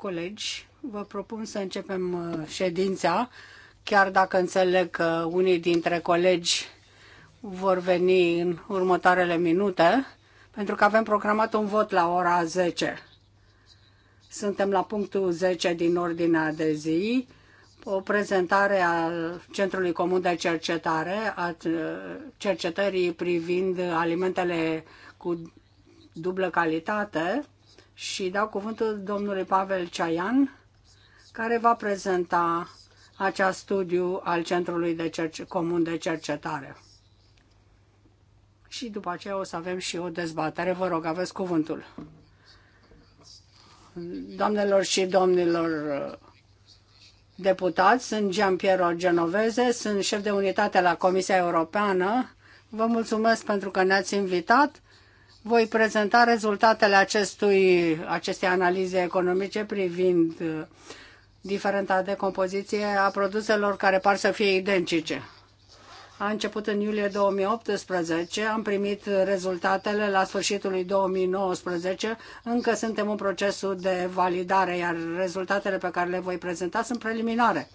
colegi, vă propun să începem uh, ședința, chiar dacă înțeleg că unii dintre colegi vor veni în următoarele minute, pentru că avem programat un vot la ora 10. Suntem la punctul 10 din ordinea de zi, o prezentare al Centrului Comun de Cercetare, a uh, cercetării privind alimentele cu dublă calitate, și dau cuvântul domnului Pavel Ceaian, care va prezenta acest studiu al Centrului de Cerce- Comun de Cercetare. Și după aceea o să avem și o dezbatere. Vă rog, aveți cuvântul. Doamnelor și domnilor uh, deputați, sunt Gian Piero Genoveze, sunt șef de unitate la Comisia Europeană. Vă mulțumesc pentru că ne-ați invitat voi prezenta rezultatele acestui, acestei analize economice privind uh, diferența de compoziție a produselor care par să fie identice. A început în iulie 2018, am primit rezultatele la sfârșitul lui 2019, încă suntem în procesul de validare, iar rezultatele pe care le voi prezenta sunt preliminare.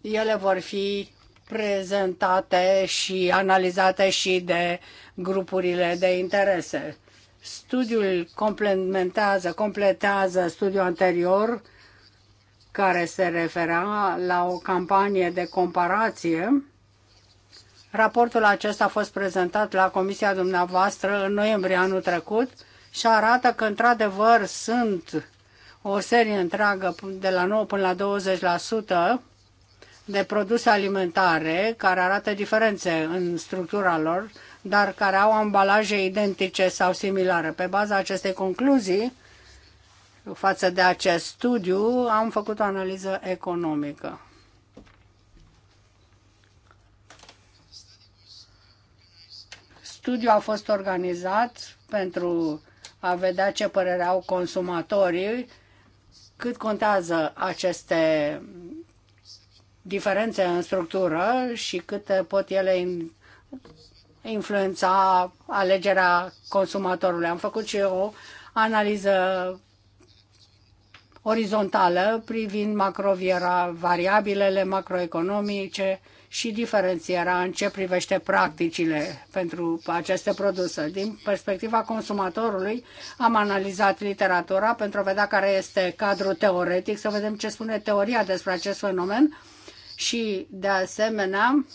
Ele vor fi prezentate și analizate și de grupurile de interese. Studiul complementează, completează studiul anterior care se refera la o campanie de comparație. Raportul acesta a fost prezentat la comisia dumneavoastră în noiembrie anul trecut și arată că într-adevăr sunt o serie întreagă de la 9 până la 20% de produse alimentare care arată diferențe în structura lor, dar care au ambalaje identice sau similare. Pe baza acestei concluzii, față de acest studiu, am făcut o analiză economică. Studiul a fost organizat pentru a vedea ce părere au consumatorii, cât contează aceste diferențe în structură și cât pot ele influența alegerea consumatorului. Am făcut și o analiză orizontală privind macroviera variabilele macroeconomice și diferențierea în ce privește practicile pentru aceste produse. Din perspectiva consumatorului am analizat literatura pentru a vedea care este cadrul teoretic, să vedem ce spune teoria despre acest fenomen și, de asemenea,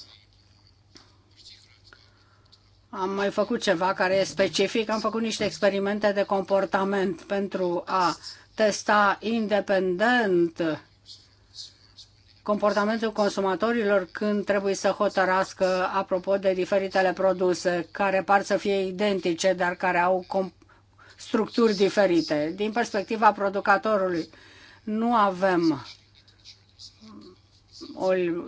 am mai făcut ceva care e specific, am făcut niște experimente de comportament pentru a testa independent comportamentul consumatorilor când trebuie să hotărască apropo de diferitele produse care par să fie identice, dar care au structuri diferite. Din perspectiva producătorului, nu avem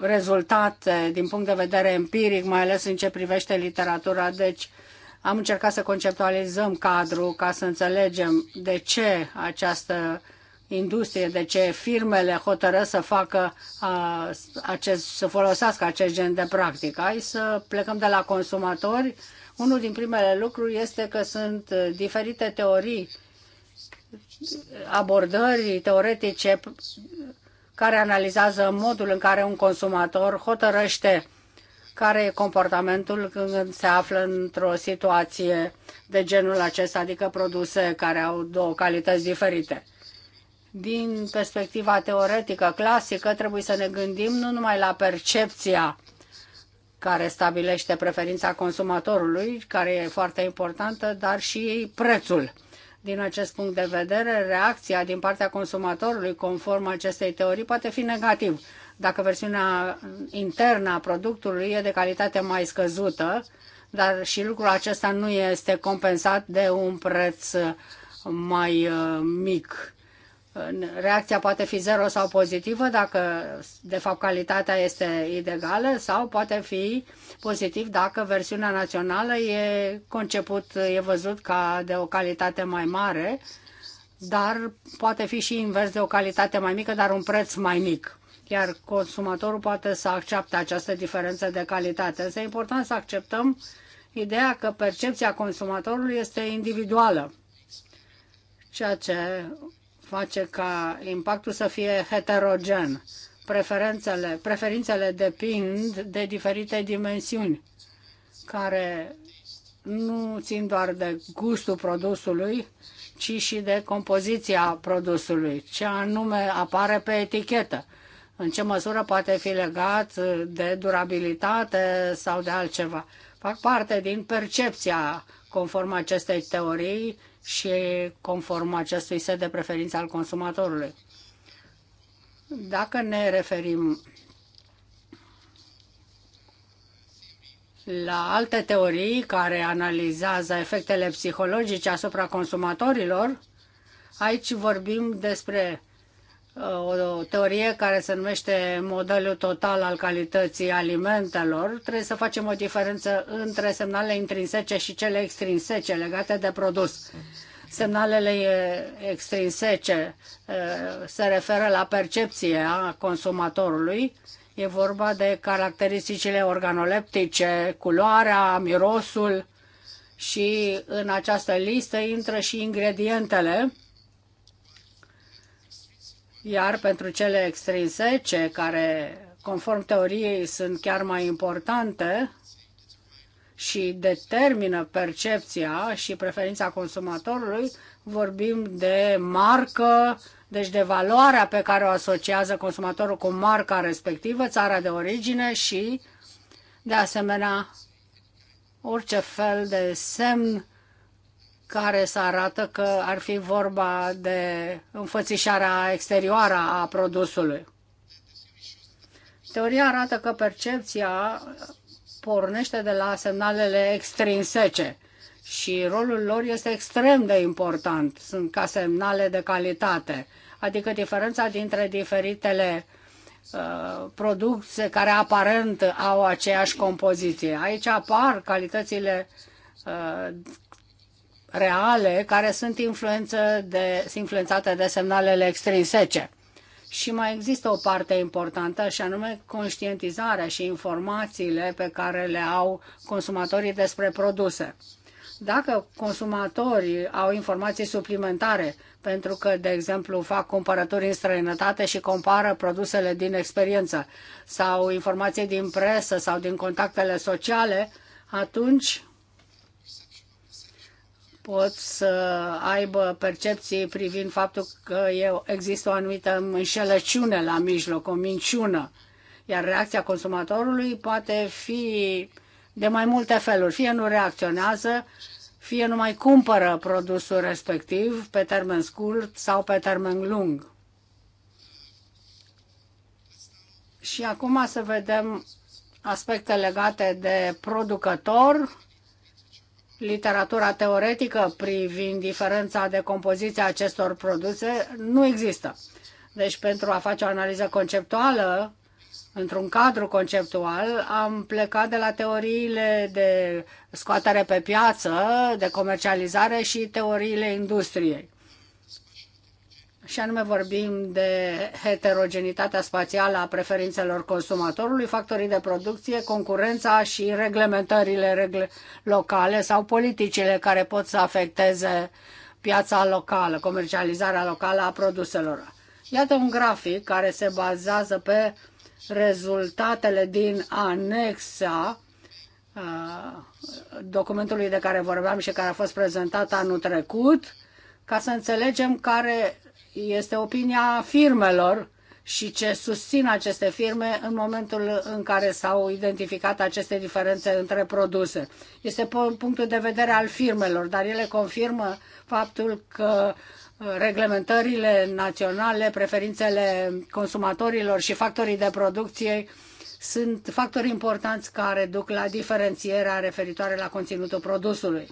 rezultate din punct de vedere empiric, mai ales în ce privește literatura. Deci am încercat să conceptualizăm cadrul ca să înțelegem de ce această industrie, de ce firmele hotărăsc să facă a, acest, să folosească acest gen de practică. Hai să plecăm de la consumatori. Unul din primele lucruri este că sunt diferite teorii abordări teoretice care analizează modul în care un consumator hotărăște care e comportamentul când se află într-o situație de genul acesta, adică produse care au două calități diferite. Din perspectiva teoretică clasică, trebuie să ne gândim nu numai la percepția care stabilește preferința consumatorului, care e foarte importantă, dar și prețul din acest punct de vedere, reacția din partea consumatorului conform acestei teorii poate fi negativ. Dacă versiunea internă a produsului e de calitate mai scăzută, dar și lucrul acesta nu este compensat de un preț mai uh, mic reacția poate fi zero sau pozitivă dacă, de fapt, calitatea este inegală sau poate fi pozitiv dacă versiunea națională e conceput, e văzut ca de o calitate mai mare, dar poate fi și invers de o calitate mai mică, dar un preț mai mic. Iar consumatorul poate să accepte această diferență de calitate. Însă e important să acceptăm ideea că percepția consumatorului este individuală ceea ce face ca impactul să fie heterogen. Preferențele, preferințele depind de diferite dimensiuni care nu țin doar de gustul produsului, ci și de compoziția produsului, ce anume apare pe etichetă, în ce măsură poate fi legat de durabilitate sau de altceva. Fac parte din percepția conform acestei teorii și conform acestui set de preferințe al consumatorului. Dacă ne referim la alte teorii care analizează efectele psihologice asupra consumatorilor, aici vorbim despre o teorie care se numește modelul total al calității alimentelor, trebuie să facem o diferență între semnalele intrinsece și cele extrinsece legate de produs. Semnalele extrinsece eh, se referă la percepția consumatorului, e vorba de caracteristicile organoleptice, culoarea, mirosul și în această listă intră și ingredientele iar pentru cele extrinsece, care conform teoriei sunt chiar mai importante și determină percepția și preferința consumatorului, vorbim de marcă, deci de valoarea pe care o asociază consumatorul cu marca respectivă, țara de origine și, de asemenea, orice fel de semn care să arată că ar fi vorba de înfățișarea exterioară a produsului. Teoria arată că percepția pornește de la semnalele extrinsece și rolul lor este extrem de important. Sunt ca semnale de calitate, adică diferența dintre diferitele uh, produse care aparent au aceeași compoziție. Aici apar calitățile uh, reale care sunt influență de, sunt influențate de semnalele extrinsece. Și mai există o parte importantă și anume conștientizarea și informațiile pe care le au consumatorii despre produse. Dacă consumatorii au informații suplimentare, pentru că, de exemplu, fac cumpărături în străinătate și compară produsele din experiență sau informații din presă sau din contactele sociale, atunci pot să aibă percepții privind faptul că există o anumită înșelăciune la mijloc, o minciună. Iar reacția consumatorului poate fi de mai multe feluri. Fie nu reacționează, fie nu mai cumpără produsul respectiv pe termen scurt sau pe termen lung. Și acum să vedem aspecte legate de producător, literatura teoretică privind diferența de compoziție a acestor produse nu există. Deci pentru a face o analiză conceptuală, într-un cadru conceptual, am plecat de la teoriile de scoatere pe piață, de comercializare și teoriile industriei și anume vorbim de heterogenitatea spațială a preferințelor consumatorului, factorii de producție, concurența și reglementările regle locale sau politicile care pot să afecteze piața locală, comercializarea locală a produselor. Iată un grafic care se bazează pe rezultatele din anexa documentului de care vorbeam și care a fost prezentat anul trecut, ca să înțelegem care este opinia firmelor și ce susțin aceste firme în momentul în care s-au identificat aceste diferențe între produse. Este punctul de vedere al firmelor, dar ele confirmă faptul că uh, reglementările naționale, preferințele consumatorilor și factorii de producție sunt factori importanți care duc la diferențierea referitoare la conținutul produsului.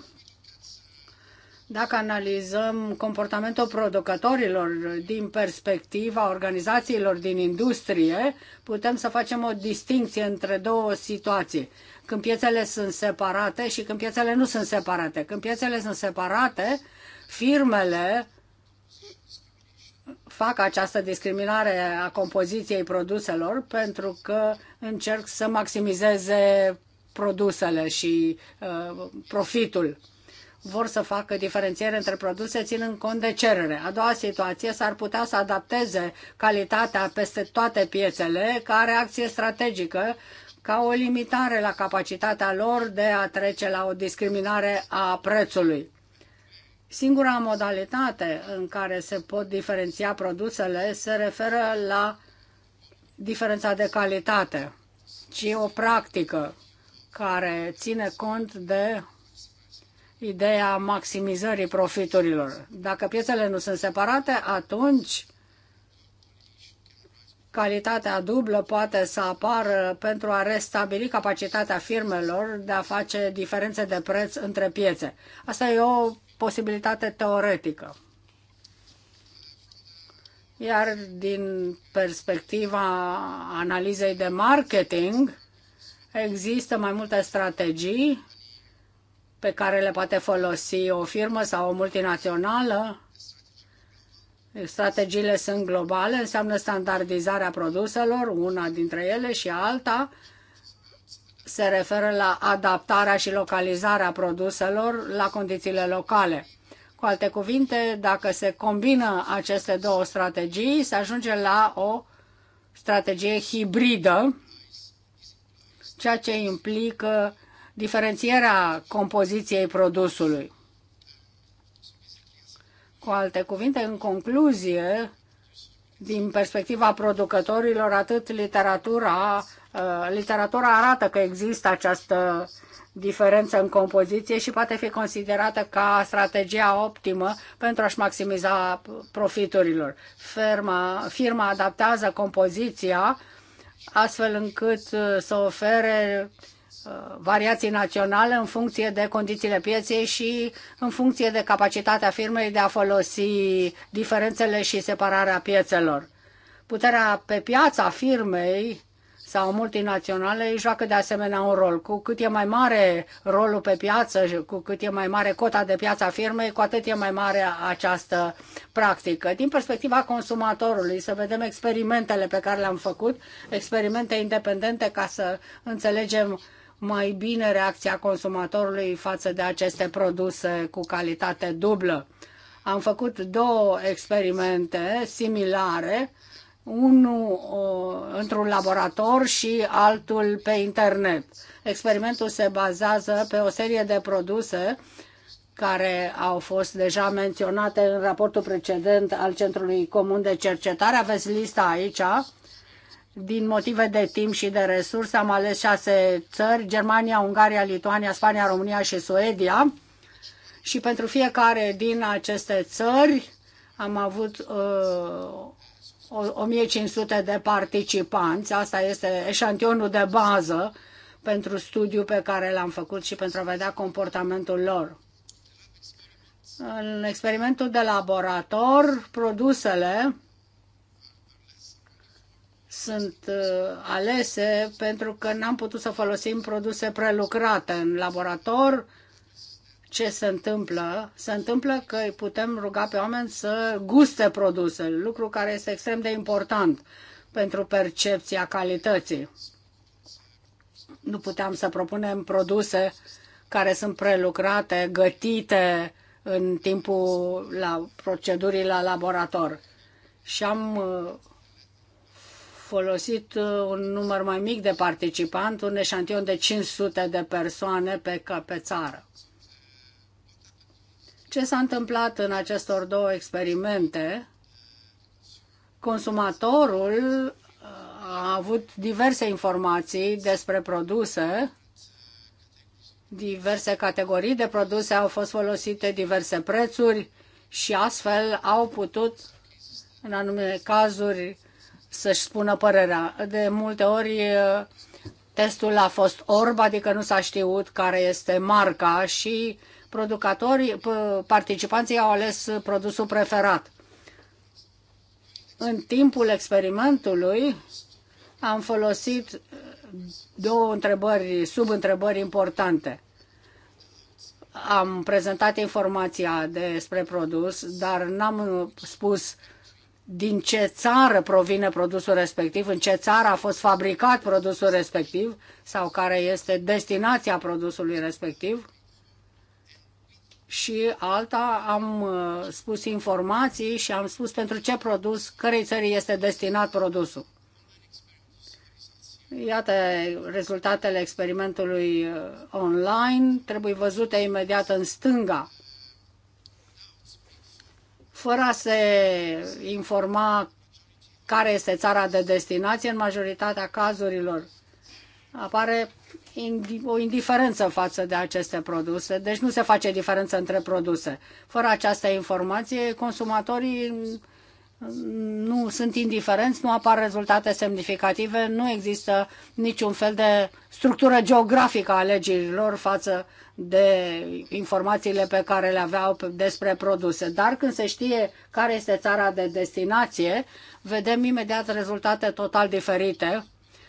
Dacă analizăm comportamentul producătorilor din perspectiva organizațiilor din industrie, putem să facem o distinție între două situații. Când piețele sunt separate și când piețele nu sunt separate. Când piețele sunt separate, firmele fac această discriminare a compoziției produselor pentru că încerc să maximizeze produsele și uh, profitul vor să facă diferențiere între produse ținând cont de cerere. A doua situație s-ar putea să adapteze calitatea peste toate piețele ca reacție strategică ca o limitare la capacitatea lor de a trece la o discriminare a prețului. Singura modalitate în care se pot diferenția produsele se referă la diferența de calitate, ci o practică care ține cont de ideea maximizării profiturilor. Dacă piețele nu sunt separate, atunci calitatea dublă poate să apară pentru a restabili capacitatea firmelor de a face diferențe de preț între piețe. Asta e o posibilitate teoretică. Iar din perspectiva analizei de marketing, există mai multe strategii pe care le poate folosi o firmă sau o multinațională. Strategiile sunt globale, înseamnă standardizarea produselor, una dintre ele și alta se referă la adaptarea și localizarea produselor la condițiile locale. Cu alte cuvinte, dacă se combină aceste două strategii, se ajunge la o strategie hibridă, ceea ce implică diferențierea compoziției produsului. Cu alte cuvinte, în concluzie, din perspectiva producătorilor, atât literatura, uh, literatura arată că există această diferență în compoziție și poate fi considerată ca strategia optimă pentru a-și maximiza profiturilor. Firma, firma adaptează compoziția astfel încât să ofere uh, variații naționale în funcție de condițiile pieței și în funcție de capacitatea firmei de a folosi diferențele și separarea piețelor. Puterea pe piața firmei sau multinaționale joacă de asemenea un rol. Cu cât e mai mare rolul pe piață, cu cât e mai mare cota de piață a firmei, cu atât e mai mare această practică. Din perspectiva consumatorului, să vedem experimentele pe care le-am făcut, experimente independente ca să înțelegem mai bine reacția consumatorului față de aceste produse cu calitate dublă. Am făcut două experimente similare, unul într-un laborator și altul pe internet. Experimentul se bazează pe o serie de produse care au fost deja menționate în raportul precedent al Centrului Comun de Cercetare. Aveți lista aici din motive de timp și de resurse am ales șase țări, Germania, Ungaria, Lituania, Spania, România și Suedia. Și pentru fiecare din aceste țări am avut uh, 1500 de participanți. Asta este eșantionul de bază pentru studiu pe care l-am făcut și pentru a vedea comportamentul lor. În experimentul de laborator, produsele sunt uh, alese pentru că n-am putut să folosim produse prelucrate în laborator. Ce se întâmplă? Se întâmplă că îi putem ruga pe oameni să guste produsele, lucru care este extrem de important pentru percepția calității. Nu puteam să propunem produse care sunt prelucrate, gătite în timpul la procedurii la laborator. Și am uh, folosit uh, un număr mai mic de participanți, un eșantion de 500 de persoane pe, pe țară. Ce s-a întâmplat în acestor două experimente? Consumatorul uh, a avut diverse informații despre produse, diverse categorii de produse au fost folosite, diverse prețuri și astfel au putut, în anumite cazuri, să-și spună părerea. De multe ori testul a fost orb, adică nu s-a știut care este marca și producătorii, participanții au ales produsul preferat. În timpul experimentului am folosit două întrebări, subîntrebări importante. Am prezentat informația despre produs, dar n-am spus uh, din ce țară provine produsul respectiv, în ce țară a fost fabricat produsul respectiv sau care este destinația produsului respectiv. Și alta, am uh, spus informații și am spus pentru ce produs, cărei țări este destinat produsul. Iată rezultatele experimentului uh, online, trebuie văzute imediat în stânga fără a se informa care este țara de destinație, în majoritatea cazurilor apare o indiferență față de aceste produse, deci nu se face diferență între produse. Fără această informație, consumatorii nu sunt indiferenți, nu apar rezultate semnificative, nu există niciun fel de structură geografică a alegerilor față de informațiile pe care le aveau despre produse. Dar când se știe care este țara de destinație, vedem imediat rezultate total diferite.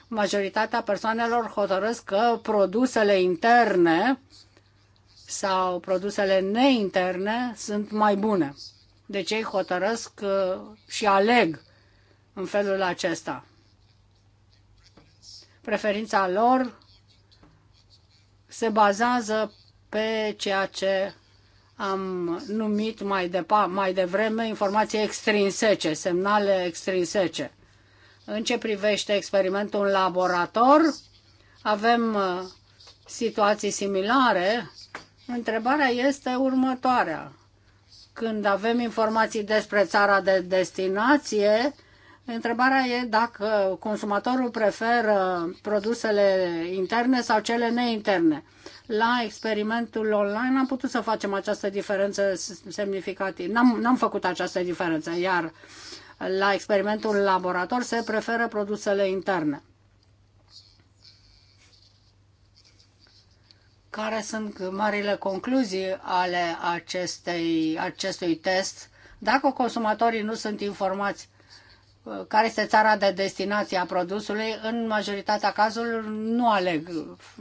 Majoritatea persoanelor hotărăsc că produsele interne sau produsele neinterne sunt mai bune de cei hotărăsc uh, și aleg în felul acesta. Preferința lor se bazează pe ceea ce am numit mai, depa, mai devreme informații extrinsece, semnale extrinsece. În ce privește experimentul în laborator, avem uh, situații similare. Întrebarea este următoarea când avem informații despre țara de destinație, întrebarea e dacă consumatorul preferă produsele interne sau cele neinterne. La experimentul online am putut să facem această diferență semnificativă. N-am, n-am făcut această diferență, iar la experimentul în laborator se preferă produsele interne. care sunt marile concluzii ale acestei, acestui test. Dacă consumatorii nu sunt informați uh, care este țara de destinație a produsului, în majoritatea cazurilor nu aleg,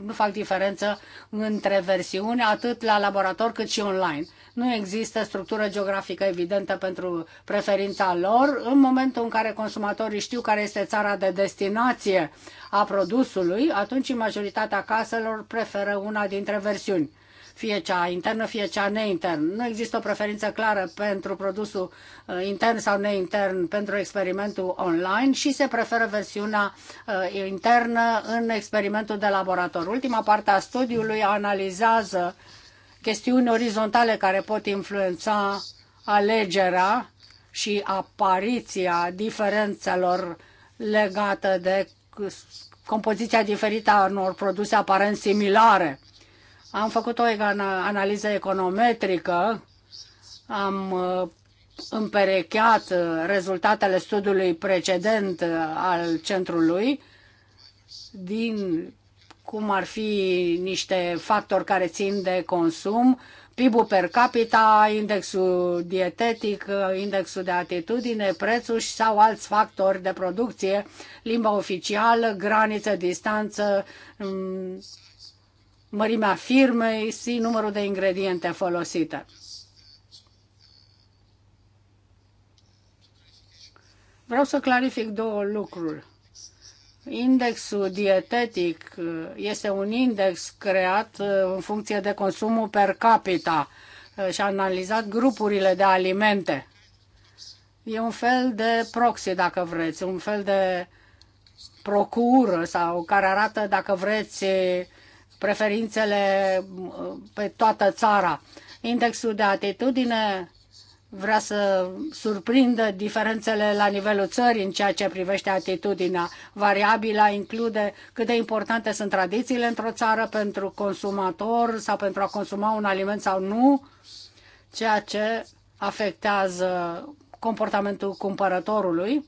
nu fac diferență între versiuni, atât la laborator cât și online. Nu există structură geografică evidentă pentru preferința lor. În momentul în care consumatorii știu care este țara de destinație a produsului, atunci majoritatea caselor preferă una dintre versiuni fie cea internă, fie cea neinternă. Nu există o preferință clară pentru produsul uh, intern sau neintern pentru experimentul online și se preferă versiunea uh, internă în experimentul de laborator. Ultima parte a studiului analizează uh, chestiuni orizontale care pot influența alegerea și apariția diferențelor legate de compoziția diferită a unor produse aparent similare. Am făcut o analiză econometrică, am uh, împerecheat rezultatele studiului precedent uh, al centrului din cum ar fi niște factori care țin de consum, PIB-ul per capita, indexul dietetic, indexul de atitudine, prețul sau alți factori de producție, limba oficială, graniță, distanță, mm, mărimea firmei și numărul de ingrediente folosite. Vreau să clarific două lucruri. Indexul dietetic uh, este un index creat uh, în funcție de consumul per capita uh, și a analizat grupurile de alimente. E un fel de proxy, dacă vreți, un fel de procură sau care arată, dacă vreți, preferințele pe toată țara. Indexul de atitudine vrea să surprindă diferențele la nivelul țării în ceea ce privește atitudinea. Variabila include cât de importante sunt tradițiile într-o țară pentru consumator sau pentru a consuma un aliment sau nu, ceea ce afectează comportamentul cumpărătorului.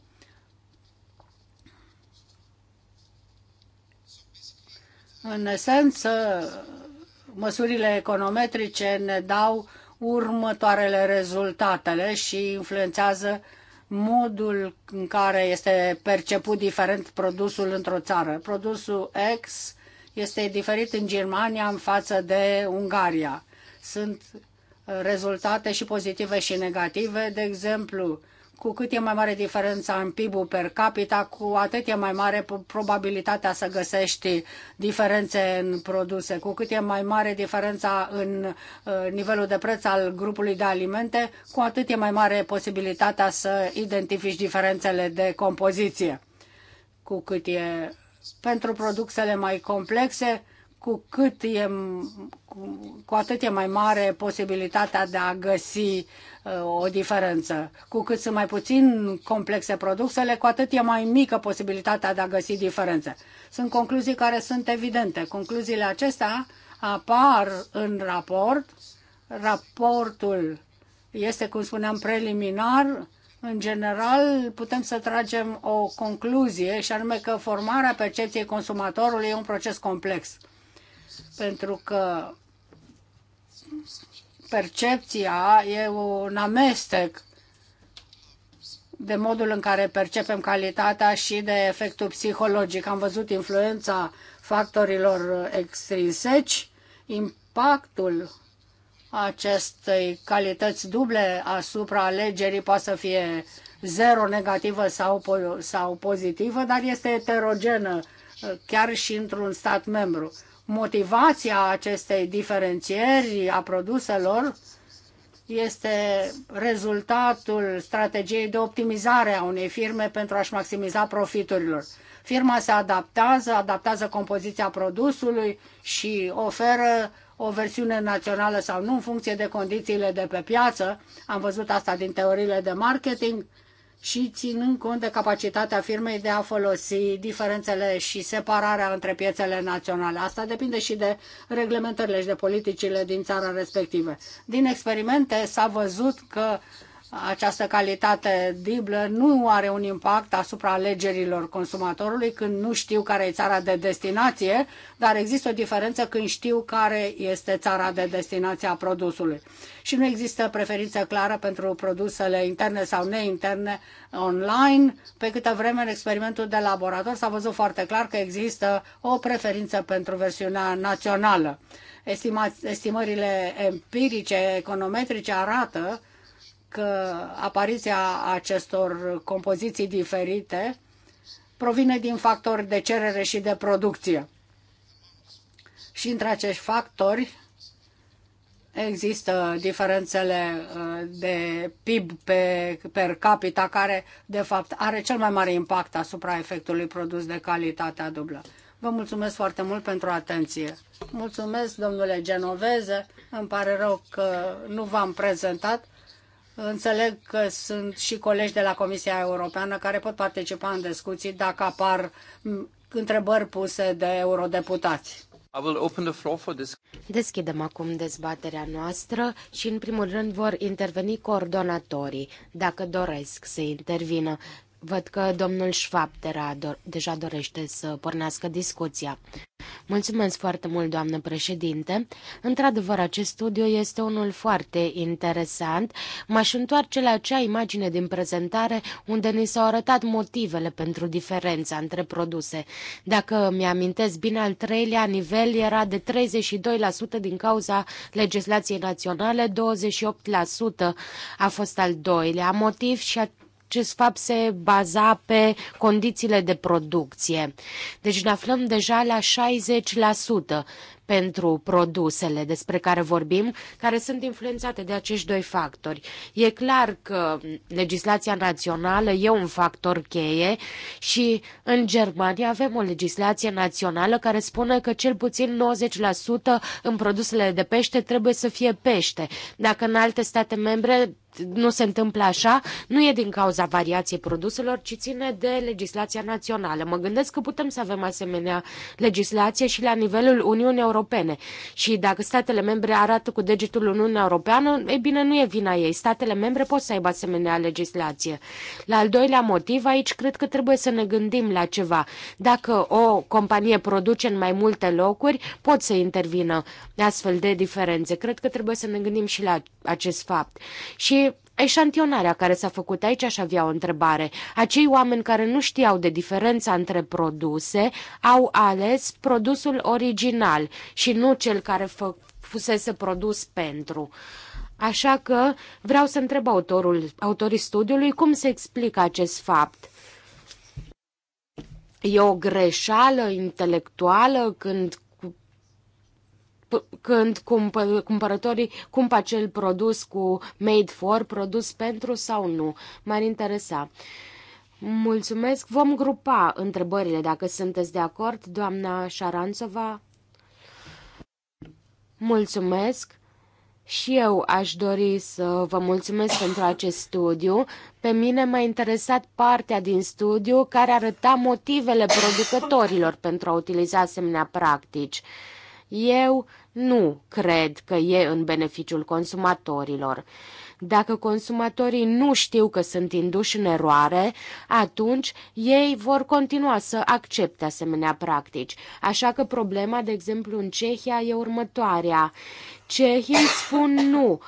În esență, măsurile econometrice ne dau următoarele rezultatele și influențează modul în care este perceput diferent produsul într-o țară. Produsul X este diferit în Germania în față de Ungaria. Sunt rezultate și pozitive și negative. De exemplu, cu cât e mai mare diferența în PIB-ul per capita, cu atât e mai mare probabilitatea să găsești diferențe în produse. Cu cât e mai mare diferența în uh, nivelul de preț al grupului de alimente, cu atât e mai mare posibilitatea să identifici diferențele de compoziție. Cu cât e pentru produsele mai complexe, cu cât e, cu, cu atât e mai mare posibilitatea de a găsi uh, o diferență. Cu cât sunt mai puțin complexe produsele, cu atât e mai mică posibilitatea de a găsi diferențe. Sunt concluzii care sunt evidente. Concluziile acestea apar în raport. Raportul este, cum spuneam, preliminar. În general, putem să tragem o concluzie și anume că formarea percepției consumatorului e un proces complex pentru că percepția e un amestec de modul în care percepem calitatea și de efectul psihologic. Am văzut influența factorilor extrinseci, impactul acestei calități duble asupra alegerii poate să fie zero negativă sau, po- sau pozitivă, dar este eterogenă chiar și într-un stat membru motivația acestei diferențieri a produselor este rezultatul strategiei de optimizare a unei firme pentru a-și maximiza profiturilor. Firma se adaptează, adaptează compoziția produsului și oferă o versiune națională sau nu în funcție de condițiile de pe piață. Am văzut asta din teoriile de marketing și ținând cont de capacitatea firmei de a folosi diferențele și separarea între piețele naționale. Asta depinde și de reglementările și de politicile din țara respectivă. Din experimente s-a văzut că uh, această calitate diblă nu are un impact asupra alegerilor consumatorului când nu știu care e țara de destinație, dar există o diferență când știu care este țara de destinație a produsului. Și nu există preferință clară pentru produsele interne sau neinterne online. Pe câtă vreme în experimentul de laborator s-a văzut foarte clar că există o preferință pentru versiunea națională. Estima, estimările empirice, econometrice arată că apariția acestor compoziții diferite provine din factori de cerere și de producție. Și între acești factori există diferențele uh, de PIB pe, per capita, care de fapt are cel mai mare impact asupra efectului produs de calitatea dublă. Vă mulțumesc foarte mult pentru atenție. Mulțumesc, domnule Genoveze. Îmi pare rău că nu v-am prezentat. Înțeleg că sunt și colegi de la Comisia Europeană care pot participa în discuții dacă apar întrebări puse de eurodeputați. Deschidem acum dezbaterea noastră și în primul rând vor interveni coordonatorii, dacă doresc să intervină. Văd că domnul Schwab deja dorește să pornească discuția. Mulțumesc foarte mult, doamnă președinte. Într-adevăr, acest studiu este unul foarte interesant. M-aș întoarce la acea imagine din prezentare unde ni s-au arătat motivele pentru diferența între produse. Dacă mi-amintesc bine, al treilea nivel era de 32% din cauza legislației naționale, 28% a fost al doilea motiv și a acest fapt se baza pe condițiile de producție. Deci ne aflăm deja la 60% pentru produsele despre care vorbim, care sunt influențate de acești doi factori. E clar că legislația națională e un factor cheie și în Germania avem o legislație națională care spune că cel puțin 90% în produsele de pește trebuie să fie pește. Dacă în alte state membre nu se întâmplă așa, nu e din cauza variației produselor, ci ține de legislația națională. Mă gândesc că putem să avem asemenea legislație și la nivelul Uniunii Europene. Și dacă statele membre arată cu degetul Uniunea Europeană, e bine, nu e vina ei. Statele membre pot să aibă asemenea legislație. La al doilea motiv, aici cred că trebuie să ne gândim la ceva. Dacă o companie produce în mai multe locuri, pot să intervină astfel de diferențe. Cred că trebuie să ne gândim și la acest fapt. Și Eșantionarea care s-a făcut aici aș avea o întrebare. Acei oameni care nu știau de diferența între produse au ales produsul original și nu cel care fusese produs pentru. Așa că vreau să întreb autorul, autorii studiului cum se explică acest fapt. E o greșeală intelectuală când când cumpă, cumpărătorii cumpă acel produs cu made for, produs pentru sau nu. M-ar interesa. Mulțumesc. Vom grupa întrebările dacă sunteți de acord, doamna Șaranțova. Mulțumesc. Și eu aș dori să vă mulțumesc pentru acest studiu. Pe mine m-a interesat partea din studiu care arăta motivele producătorilor pentru a utiliza asemenea practici. Eu nu cred că e în beneficiul consumatorilor. Dacă consumatorii nu știu că sunt induși în eroare, atunci ei vor continua să accepte asemenea practici. Așa că problema, de exemplu, în Cehia e următoarea. Cehii spun nu,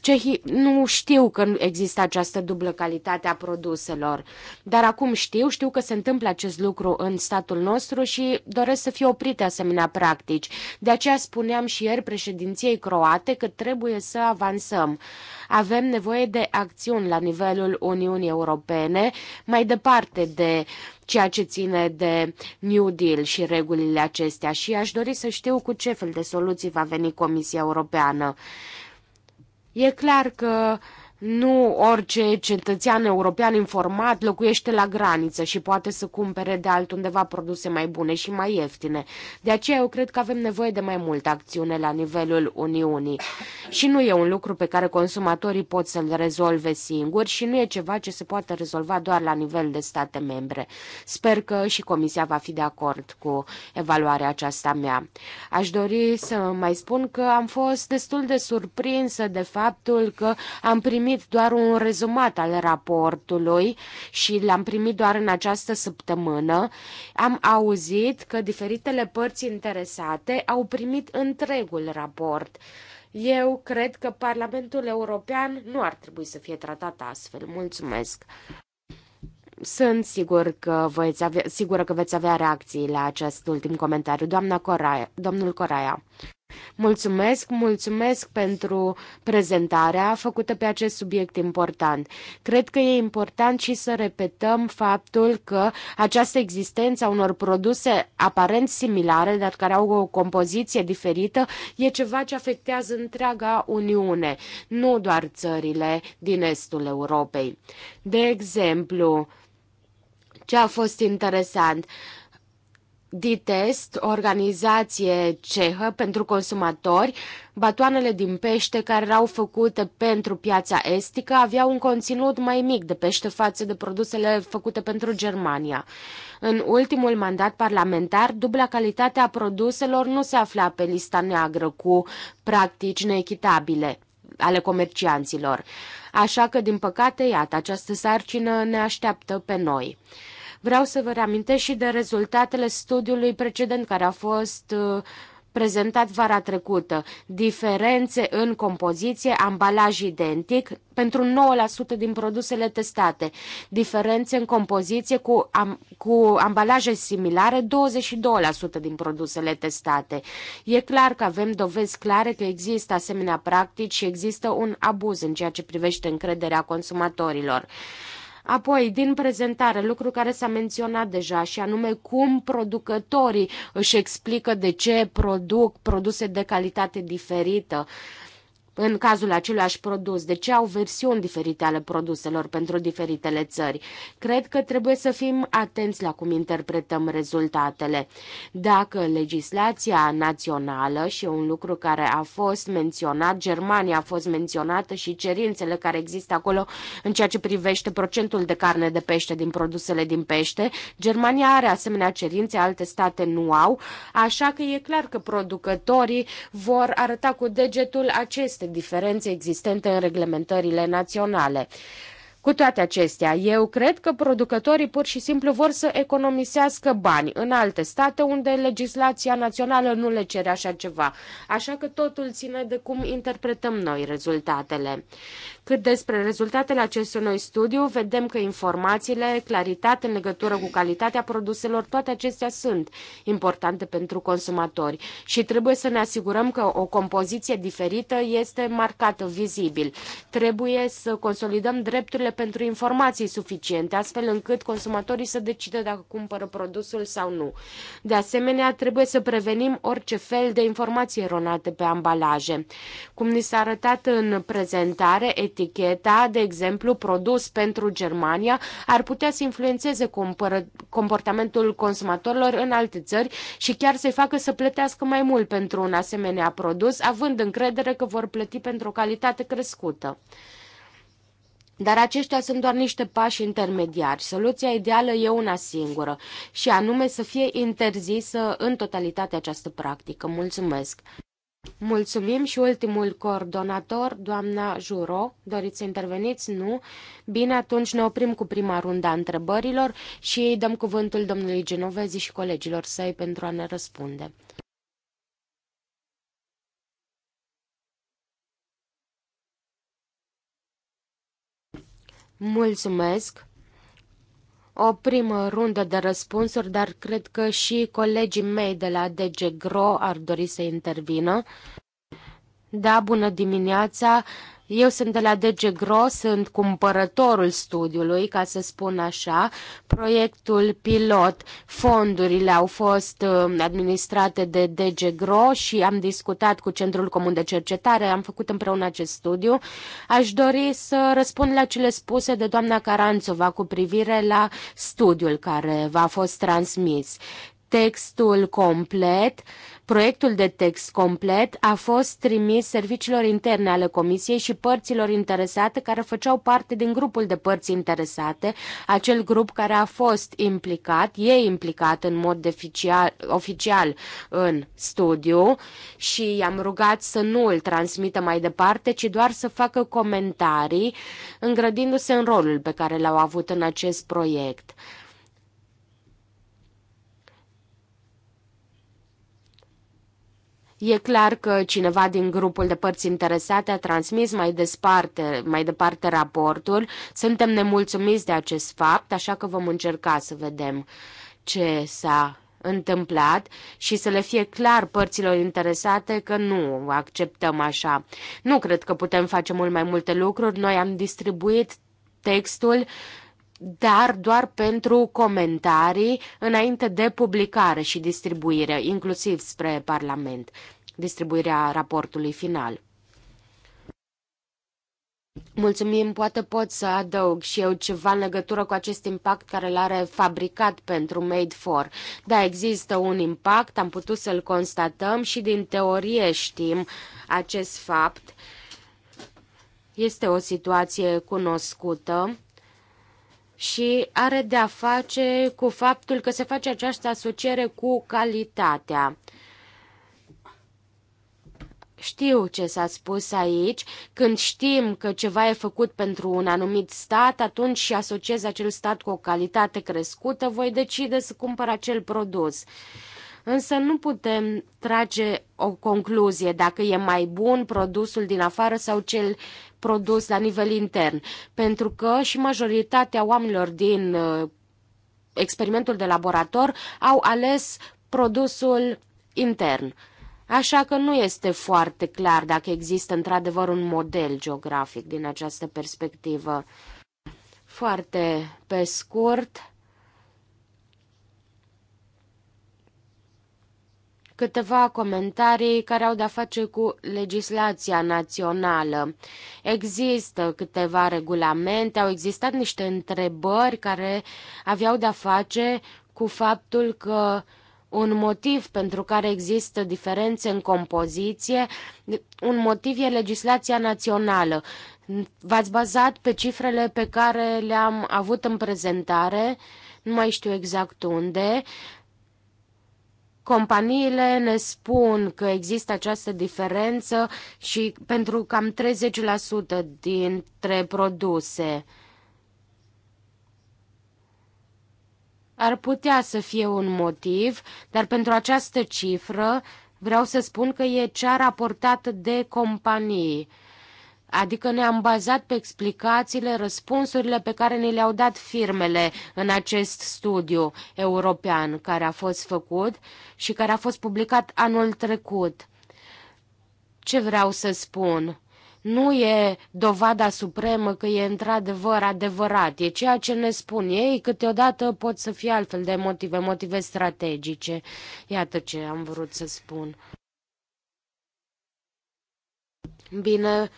cehii nu știu că există această dublă calitate a produselor, dar acum știu, știu că se întâmplă acest lucru în statul nostru și doresc să fie oprite asemenea practici. De aceea spuneam și ieri președinției croate că trebuie să avansăm. Avem nevoie de acțiuni la nivelul Uniunii Europene, mai departe de ceea ce ține de New Deal și regulile acestea și aș dori să știu cu ce fel de soluții va veni Comisia Europeană. E clar că nu orice cetățean european informat locuiește la graniță și poate să cumpere de altundeva produse mai bune și mai ieftine. De aceea eu cred că avem nevoie de mai multă acțiune la nivelul Uniunii. Și nu e un lucru pe care consumatorii pot să-l rezolve singuri și nu e ceva ce se poate rezolva doar la nivel de state membre. Sper că și Comisia va fi de acord cu evaluarea aceasta mea. Aș dori să mai spun că am fost destul de surprinsă de faptul că am primit primit doar un rezumat al raportului și l-am primit doar în această săptămână. Am auzit că diferitele părți interesate au primit întregul raport. Eu cred că Parlamentul European nu ar trebui să fie tratat astfel. Mulțumesc! Sunt sigur că veți avea, sigură că veți avea reacții la acest ultim comentariu. Doamna Coraia, domnul Coraia. Mulțumesc, mulțumesc pentru prezentarea făcută pe acest subiect important. Cred că e important și să repetăm faptul că această existență a unor produse aparent similare, dar care au o compoziție diferită, e ceva ce afectează întreaga Uniune, nu doar țările din estul Europei. De exemplu, ce a fost interesant. Uh, Ditest, organizație cehă pentru consumatori, batoanele din pește care erau făcute pentru piața estică aveau un conținut mai mic de pește față de produsele făcute pentru Germania. În ultimul mandat parlamentar, dubla calitatea produselor nu se afla pe lista neagră cu practici neechitabile ale comercianților. Așa că, din păcate, iată, această sarcină ne așteaptă pe noi. Vreau să vă reamintesc și de rezultatele studiului precedent care a fost uh, prezentat vara trecută. Diferențe în compoziție, ambalaj identic pentru 9% din produsele testate. Diferențe în compoziție cu, am, cu ambalaje similare, 22% din produsele testate. E clar că avem dovezi clare că există asemenea practici și există un abuz în ceea ce privește încrederea consumatorilor. Apoi, din prezentare, lucru care s-a menționat deja, și anume cum producătorii își explică de ce produc produse de calitate diferită. Uh, în cazul același produs? De deci ce au versiuni diferite ale produselor pentru diferitele țări? Cred că trebuie să fim atenți la cum interpretăm rezultatele. Dacă legislația națională și un lucru care a fost menționat, Germania a fost menționată și cerințele care există acolo în ceea ce privește procentul de carne de pește din produsele din pește, Germania are asemenea cerințe, alte state nu au, așa că e clar că producătorii vor arăta cu degetul acest aceste diferențe existente în reglementările naționale. Cu toate acestea, eu cred că producătorii pur și simplu vor să economisească bani în alte state unde legislația națională nu le cere așa ceva. Așa că totul ține de cum interpretăm noi rezultatele. Cât despre rezultatele acestui studiu, vedem că informațiile, claritate în legătură cu calitatea produselor, toate acestea sunt importante pentru consumatori și trebuie să ne asigurăm că o compoziție diferită este marcată vizibil. Trebuie să consolidăm drepturile pentru informații suficiente, astfel încât consumatorii să decidă dacă cumpără produsul sau nu. De asemenea, trebuie să prevenim orice fel de informații eronate pe ambalaje. Cum ni s-a arătat în prezentare, eticheta eticheta, de exemplu, produs pentru Germania, ar putea să influențeze comportamentul consumatorilor în alte țări și chiar să-i facă să plătească mai mult pentru un asemenea produs, având încredere că vor plăti pentru o calitate crescută. Dar aceștia sunt doar niște pași intermediari. Soluția ideală e una singură și anume să fie interzisă în totalitate această practică. Mulțumesc! Mulțumim și ultimul coordonator, doamna Juro. Doriți să interveniți? Nu? Bine, atunci ne oprim cu prima rundă a întrebărilor și îi dăm cuvântul domnului Genovezi și colegilor săi pentru a ne răspunde. Mulțumesc! o primă rundă de răspunsuri, dar cred că și colegii mei de la DG GRO ar dori să intervină. Da, bună dimineața! Eu sunt de la DG Gro, sunt cumpărătorul studiului, ca să spun așa, proiectul pilot. Fondurile au fost um, administrate de DG Gro și am discutat cu Centrul Comun de Cercetare, am făcut împreună acest studiu. Aș dori să răspund la cele spuse de doamna Caranțova cu privire la studiul care v-a fost transmis textul complet Proiectul de text complet a fost trimis serviciilor interne ale Comisiei și părților interesate care făceau parte din grupul de părți interesate, acel grup care a fost implicat, e implicat în mod oficial, oficial în studiu și i-am rugat să nu îl transmită mai departe, ci doar să facă comentarii, îngrădindu-se în rolul pe care l-au avut în acest proiect. E clar că cineva din grupul de părți interesate a transmis mai departe, mai departe raportul. Suntem nemulțumiți de acest fapt, așa că vom încerca să vedem ce s-a întâmplat și să le fie clar părților interesate că nu acceptăm așa. Nu cred că putem face mult mai multe lucruri. Noi am distribuit textul dar doar pentru comentarii înainte de publicare și distribuire, inclusiv spre Parlament, distribuirea raportului final. Mulțumim, poate pot să adaug și eu ceva în legătură cu acest impact care l-are fabricat pentru Made for. Da, există un impact, am putut să-l constatăm și din teorie știm acest fapt. Este o situație cunoscută și are de-a face cu faptul că se face această asociere cu calitatea. Știu ce s-a spus aici. Când știm că ceva e făcut pentru un anumit stat, atunci și asociez acel stat cu o calitate crescută, voi decide să cumpăr acel produs. Însă nu putem trage o concluzie dacă e mai bun produsul din afară sau cel produs la nivel intern, pentru că și majoritatea oamenilor din uh, experimentul de laborator au ales produsul intern. Așa că nu este foarte clar dacă există într-adevăr un model geografic din această perspectivă. Foarte pe scurt, câteva comentarii care au de-a face cu legislația națională. Există câteva regulamente, au existat niște întrebări care aveau de-a face cu faptul că un motiv pentru care există diferențe în compoziție, un motiv e legislația națională. V-ați bazat pe cifrele pe care le-am avut în prezentare, nu mai știu exact unde, Companiile ne spun că există această diferență și pentru cam 30% dintre produse. Ar putea să fie un motiv, dar pentru această cifră vreau să spun că e cea raportată de companii. Adică ne-am bazat pe explicațiile, răspunsurile pe care ni le-au dat firmele în acest studiu european care a fost făcut și care a fost publicat anul trecut. Ce vreau să spun? nu e dovada supremă că e într-adevăr adevărat, e ceea ce ne spun ei, câteodată pot să fie altfel de motive, motive strategice. Iată ce am vrut să spun. Bine,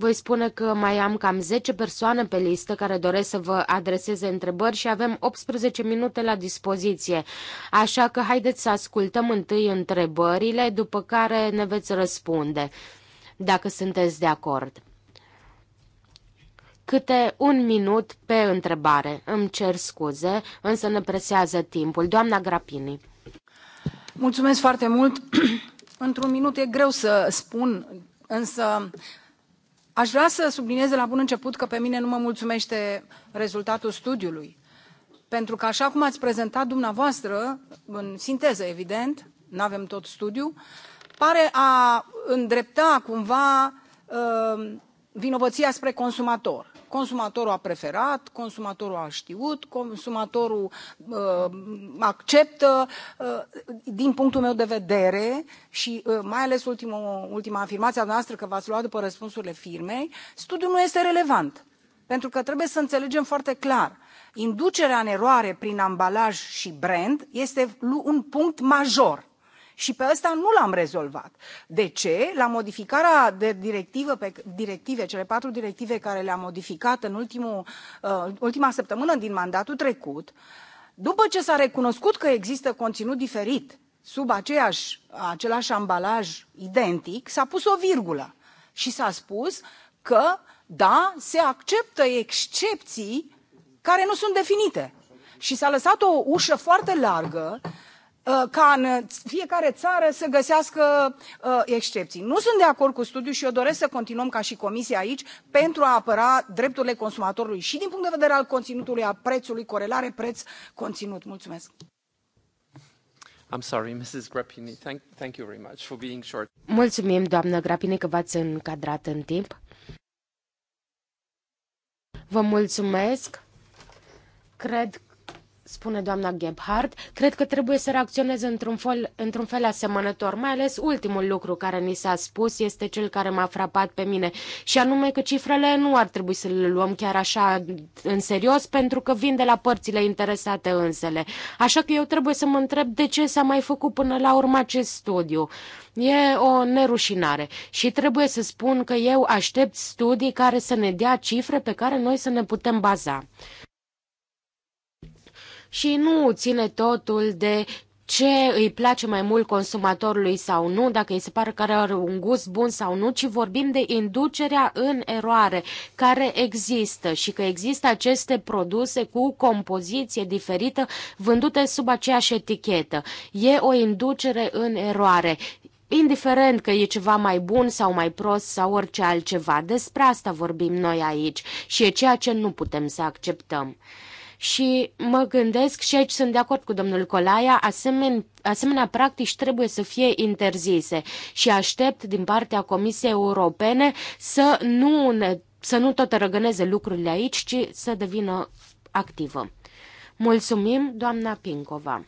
voi spune că mai am cam 10 persoane pe listă care doresc să vă adreseze întrebări și avem 18 minute la dispoziție. Așa că haideți să ascultăm întâi întrebările, după care ne veți răspunde, dacă sunteți de acord câte un minut pe întrebare. Îmi cer scuze, însă ne presează timpul. Doamna Grapini. Mulțumesc foarte mult. Într-un minut e greu să spun, însă aș vrea să subliniez de la bun început că pe mine nu mă mulțumește rezultatul studiului pentru că așa cum ați prezentat dumneavoastră în sinteză evident nu avem tot studiul pare a îndrepta cumva ă, vinovăția spre consumator. Consumatorul a preferat, consumatorul a știut, consumatorul uh, acceptă. Uh, din punctul meu de vedere și uh, mai ales ultima afirmație a noastră că v-ați luat după răspunsurile firmei, studiul nu este relevant. Pentru că trebuie să înțelegem foarte clar inducerea în eroare prin ambalaj și brand este un punct major și pe ăsta nu l am rezolvat. de ce? la modificarea de directivă pe, directive cele patru directive care le am modificat în ultimul, uh, ultima săptămână din mandatul trecut după ce s a recunoscut că există conținut diferit sub aceeași, același ambalaj identic s a pus o virgulă și s a spus că da se acceptă excepții care nu sunt definite și s a lăsat o ușă foarte largă uh, Uh, ca în fiecare țară să găsească uh, excepții. nu sunt de acord cu studiul și eu doresc să continuăm ca și comisie aici pentru a apăra drepturile consumatorului și din punct de vedere al conținutului al prețului corelare preț conținut. mulțumesc. I'm sorry, Mrs. Grappini. Thank, thank you very much for being short. Mulțumim, doamnă Grappini, că v-ați încadrat în timp. Vă mulțumesc. Cred spune doamna Gebhardt, cred că trebuie să reacționez într-un fel, într-un fel asemănător. Mai ales ultimul lucru care ni s-a spus este cel care m-a frapat pe mine, și anume că cifrele nu ar trebui să le luăm chiar așa în serios, pentru că vin de la părțile interesate însele. Așa că eu trebuie să mă întreb de ce s-a mai făcut până la urmă acest studiu. E o nerușinare și trebuie să spun că eu aștept studii care să ne dea cifre pe care noi să ne putem baza și nu ține totul de ce îi place mai mult consumatorului sau nu, dacă îi se pare că are un gust bun sau nu, ci vorbim de inducerea în eroare care există și că există aceste produse cu compoziție diferită vândute sub aceeași etichetă. E o inducere în eroare indiferent că e ceva mai bun sau mai prost sau orice altceva. Despre asta vorbim noi aici și e ceea ce nu putem să acceptăm. Și mă gândesc și aici sunt de acord cu domnul Colaia, asemenea, asemenea practici trebuie să fie interzise și aștept din partea Comisiei Europene să nu, ne, să nu tot răgăneze lucrurile aici, ci să devină activă. Mulțumim, doamna Pincova.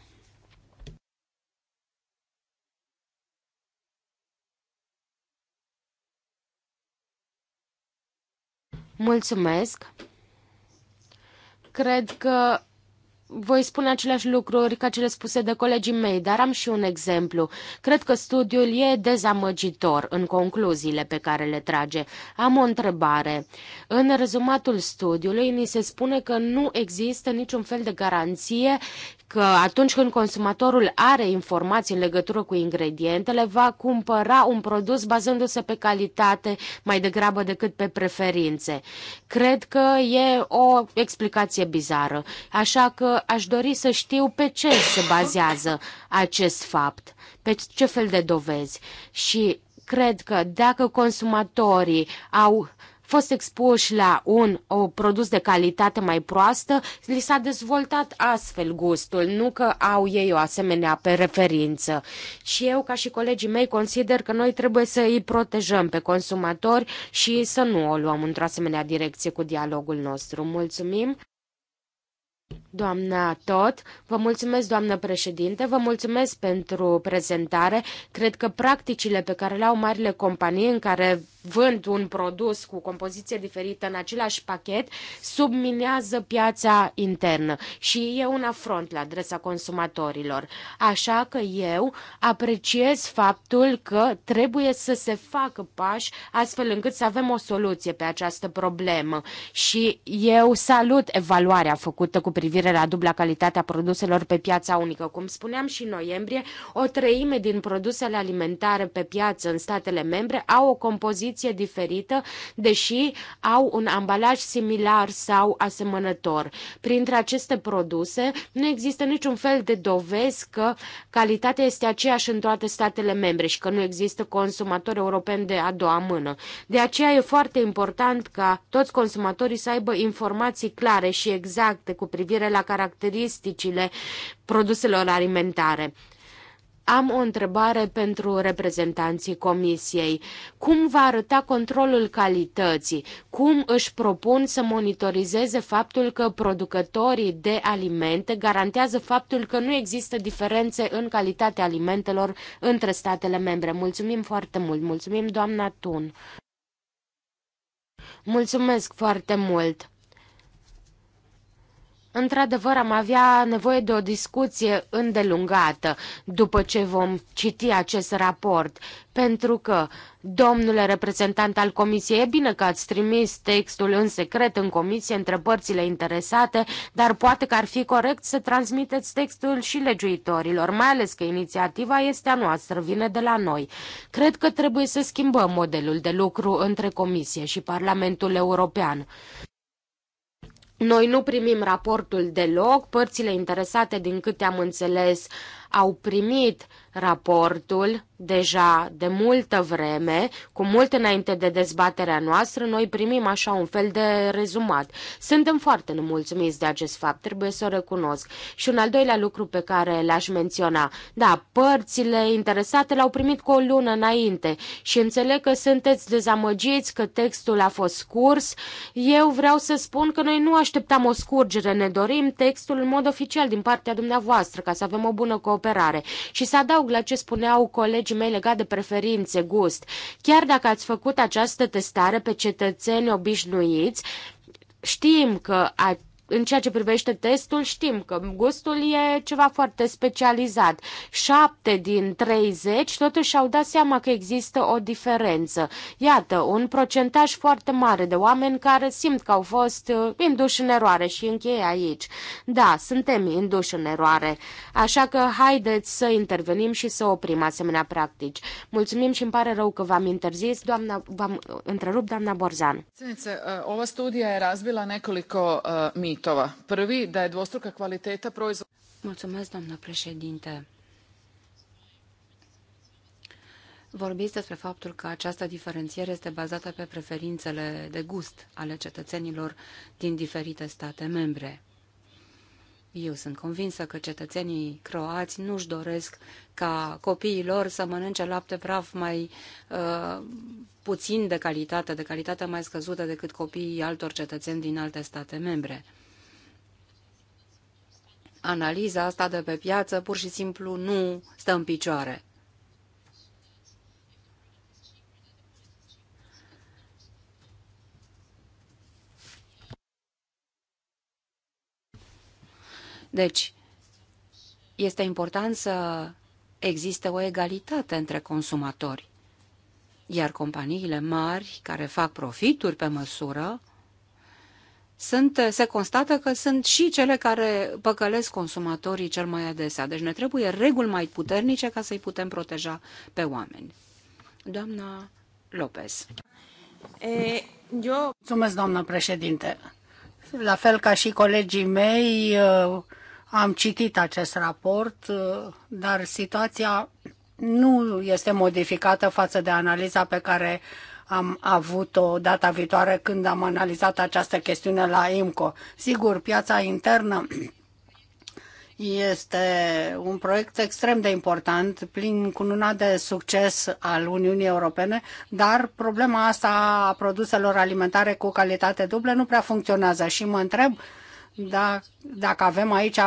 Mulțumesc! Cred că voi spune aceleași lucruri ca cele spuse de colegii mei, dar am și un exemplu. Cred că studiul e dezamăgitor în concluziile pe care le trage. Am o întrebare. În rezumatul studiului ni se spune că nu există niciun fel de garanție că atunci când consumatorul are informații în legătură cu ingredientele, va cumpăra un produs bazându-se pe calitate mai degrabă decât pe preferințe. Cred că e o explicație bizară. Așa că aș dori să știu pe ce se bazează acest fapt, pe ce fel de dovezi. Și cred că dacă consumatorii au fost expuși la un o produs de calitate mai proastă, li s-a dezvoltat astfel gustul, nu că au ei o asemenea pe referință. Și eu, ca și colegii mei, consider că noi trebuie să îi protejăm pe consumatori și să nu o luăm într-o asemenea direcție cu dialogul nostru. Mulțumim! Doamna Tot, vă mulțumesc, doamnă președinte, vă mulțumesc pentru prezentare. Cred că practicile pe care le au marile companii în care vând un produs cu compoziție diferită în același pachet, subminează piața internă și e un afront la adresa consumatorilor. Așa că eu apreciez faptul că trebuie să se facă pași astfel încât să avem o soluție pe această problemă și eu salut evaluarea făcută cu privire la dubla calitatea produselor pe piața unică. Cum spuneam și în noiembrie, o treime din produsele alimentare pe piață în statele membre au o compoziție poziție diferită, deși au un ambalaj similar sau asemănător. Printre aceste produse nu există niciun fel de dovezi că calitatea este aceeași în toate statele membre și că nu există consumatori europeni de a doua mână. De aceea e foarte important ca toți consumatorii să aibă informații clare și exacte cu privire la caracteristicile produselor alimentare. Am o întrebare pentru reprezentanții Comisiei. Cum va arăta controlul calității? Cum își propun să monitorizeze faptul că producătorii de alimente garantează faptul că nu există diferențe în calitatea alimentelor între statele membre? Mulțumim foarte mult! Mulțumim, doamna Tun! Mulțumesc foarte mult! Într-adevăr, am avea nevoie de o discuție îndelungată după ce vom citi acest raport, pentru că, domnule reprezentant al Comisiei, e bine că ați trimis textul în secret în Comisie între părțile interesate, dar poate că ar fi corect să transmiteți textul și legiuitorilor, mai ales că inițiativa este a noastră, vine de la noi. Cred că trebuie să schimbăm modelul de lucru între Comisie și Parlamentul European. Noi nu primim raportul deloc, părțile interesate, din câte am înțeles, au primit raportul deja de multă vreme, cu mult înainte de dezbaterea noastră, noi primim așa un fel de rezumat. Suntem foarte nemulțumiți de acest fapt, trebuie să o recunosc. Și un al doilea lucru pe care l-aș menționa, da, părțile interesate l-au primit cu o lună înainte și înțeleg că sunteți dezamăgiți că textul a fost scurs. Eu vreau să spun că noi nu așteptam o scurgere, ne dorim textul în mod oficial din partea dumneavoastră ca să avem o bună cooperare și să adaug adaug la ce spuneau colegii mei legat de preferințe, gust. Chiar dacă ați făcut această testare pe cetățeni obișnuiți, știm că a în ceea ce privește testul, știm că gustul e ceva foarte specializat. 7 din 30 totuși au dat seama că există o diferență. Iată, un procentaj foarte mare de oameni care simt că au fost uh, induși în eroare și încheie aici. Da, suntem induși în eroare, așa că haideți să intervenim și să oprim asemenea practici. Mulțumim și îmi pare rău că v-am interzis, doamna, v-am uh, întrerupt, doamna Borzan. Uh, o studie a razbila nekoliko uh, mit mitova. Prvi, da je dvostruka kvaliteta proizvoda. Mulțumesc, doamnă președinte. Vorbiți despre faptul că această diferențiere este bazată pe preferințele de gust ale cetățenilor din diferite state membre. Eu sunt convinsă că cetățenii croați nu-și doresc ca copiii lor să mănânce lapte praf mai uh, puțin de calitate, de calitate mai scăzută decât copiii altor cetățeni din alte state membre analiza asta de pe piață pur și simplu nu stă în picioare. Deci, este important să existe o egalitate între consumatori, iar companiile mari care fac profituri pe măsură sunt, se constată că sunt și cele care păcălesc consumatorii cel mai adesea. Deci ne trebuie reguli mai puternice ca să-i putem proteja pe oameni. Doamna Lopez. E, eu... Mulțumesc, doamnă președinte. La fel ca și colegii mei, am citit acest raport, dar situația nu este modificată față de analiza pe care am avut-o data viitoare când am analizat această chestiune la IMCO. Sigur, piața internă este un proiect extrem de important, plin cu una de succes al Uniunii Europene, dar problema asta a produselor alimentare cu calitate dublă nu prea funcționează și mă întreb uh, da, dacă avem aici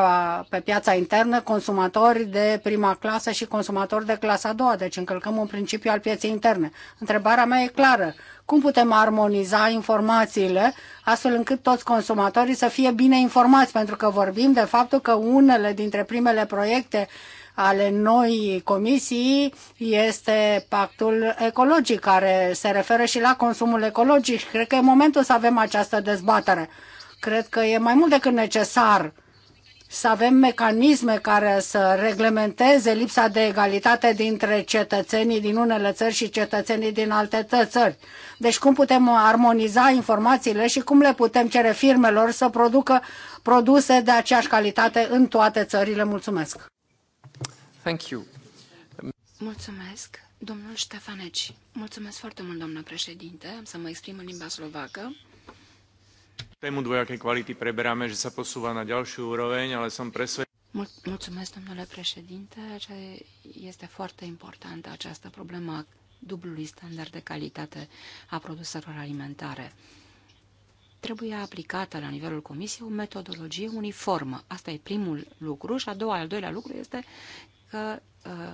pe piața internă consumatori de prima clasă și consumatori de clasa a doua, deci încălcăm un principiu al pieței interne. Întrebarea mea e clară. Cum putem armoniza informațiile astfel încât toți consumatorii să fie bine informați? Pentru că vorbim de faptul că unele dintre primele proiecte ale noi comisii este pactul ecologic, care se referă și la consumul ecologic. Cred că e momentul să avem această dezbatere. Cred că e mai mult decât necesar să avem mecanisme care să reglementeze lipsa de egalitate dintre cetățenii din unele țări și cetățenii din alte țări. Deci cum putem armoniza informațiile și cum le putem cere firmelor să producă produse de aceeași calitate în toate țările. Mulțumesc! Thank you. Mulțumesc, domnul Ștefaneci. Mulțumesc foarte mult, doamnă președinte. Am să mă exprim în limba slovacă. Tému dvojakej kvality preberáme, že sa posúva na ďalšiu úroveň, ale som presvedčený. Mulțumesc, domnule președinte. Este foarte importantă această problemă a dublului standard de calitate a produselor alimentare. Trebuie aplicată la nivelul comisiei o metodologie uniformă. Asta e primul lucru și a doua, al doilea lucru este că uh,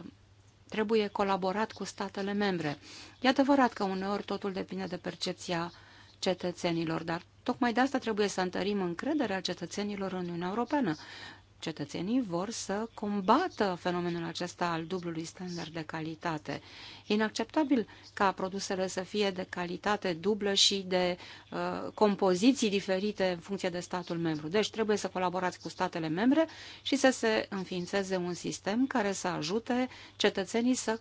trebuie colaborat cu statele membre. E adevărat că uneori totul depinde de percepția uh, cetățenilor, dar tocmai de asta trebuie să întărim încrederea cetățenilor în Uniunea Europeană. Cetățenii vor să combată fenomenul acesta al dublului standard de calitate. E inacceptabil ca produsele să fie de calitate dublă și de uh, compoziții diferite în funcție de statul membru. Deci trebuie să colaborați cu statele membre și să se înființeze un sistem care să ajute cetățenii să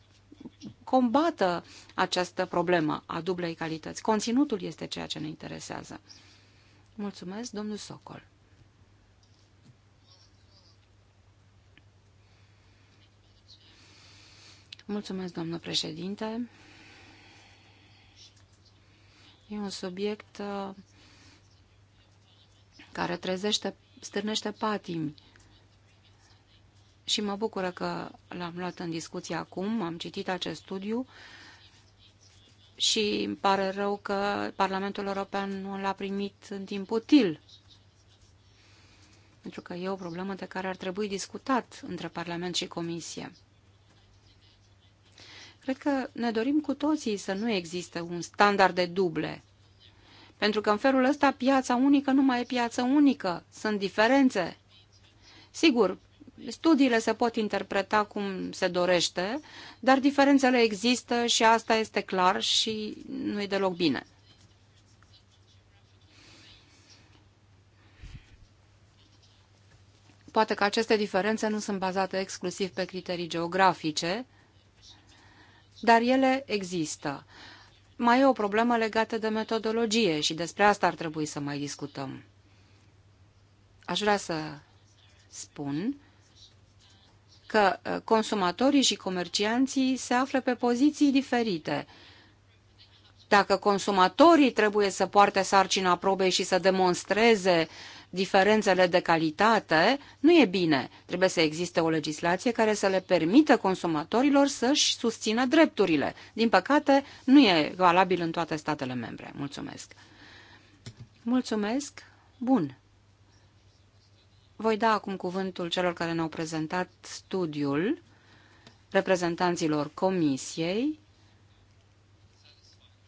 combată această problemă a dublei calități. Conținutul este ceea ce ne interesează. Mulțumesc, domnul Socol. Mulțumesc, domnul președinte. E un subiect uh, care trezește, stârnește patimi și mă bucură că l-am luat în discuție acum, am citit acest studiu și îmi pare rău că Parlamentul European nu l-a primit în timp util. Pentru că e o problemă de care ar trebui discutat între Parlament și Comisie. Cred că ne dorim cu toții să nu existe un standard de duble. Pentru că în felul ăsta piața unică nu mai e piață unică, sunt diferențe. Sigur, Studiile se pot interpreta cum se dorește, dar diferențele există și asta este clar și nu e deloc bine. Poate că aceste diferențe nu sunt bazate exclusiv pe criterii geografice, dar ele există. Mai e o problemă legată de metodologie și despre asta ar trebui să mai discutăm. Aș vrea să spun că uh, consumatorii și comercianții se află pe poziții diferite. Dacă consumatorii trebuie să poarte sarcina probei și să demonstreze diferențele de calitate, nu e bine. Trebuie să existe o legislație care să le permită consumatorilor să-și susțină drepturile. Din păcate, nu e valabil în toate statele membre. Mulțumesc. Mulțumesc. Bun. Voi da acum cuvântul celor care ne-au prezentat studiul, reprezentanților comisiei.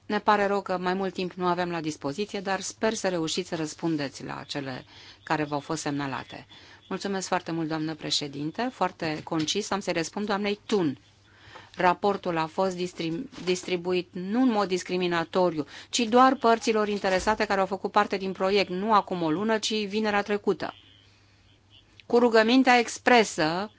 Ne pare rău că mai mult timp nu avem la dispoziție, dar sper să reușiți să răspundeți la cele care v-au fost semnalate. Mulțumesc foarte mult, doamnă președinte. Foarte concis am să-i răspund doamnei Tun. Raportul a fost distribuit nu în mod discriminatoriu, ci doar părților interesate care au făcut parte din proiect, nu acum o lună, ci vinerea trecută cu rugămintea expresă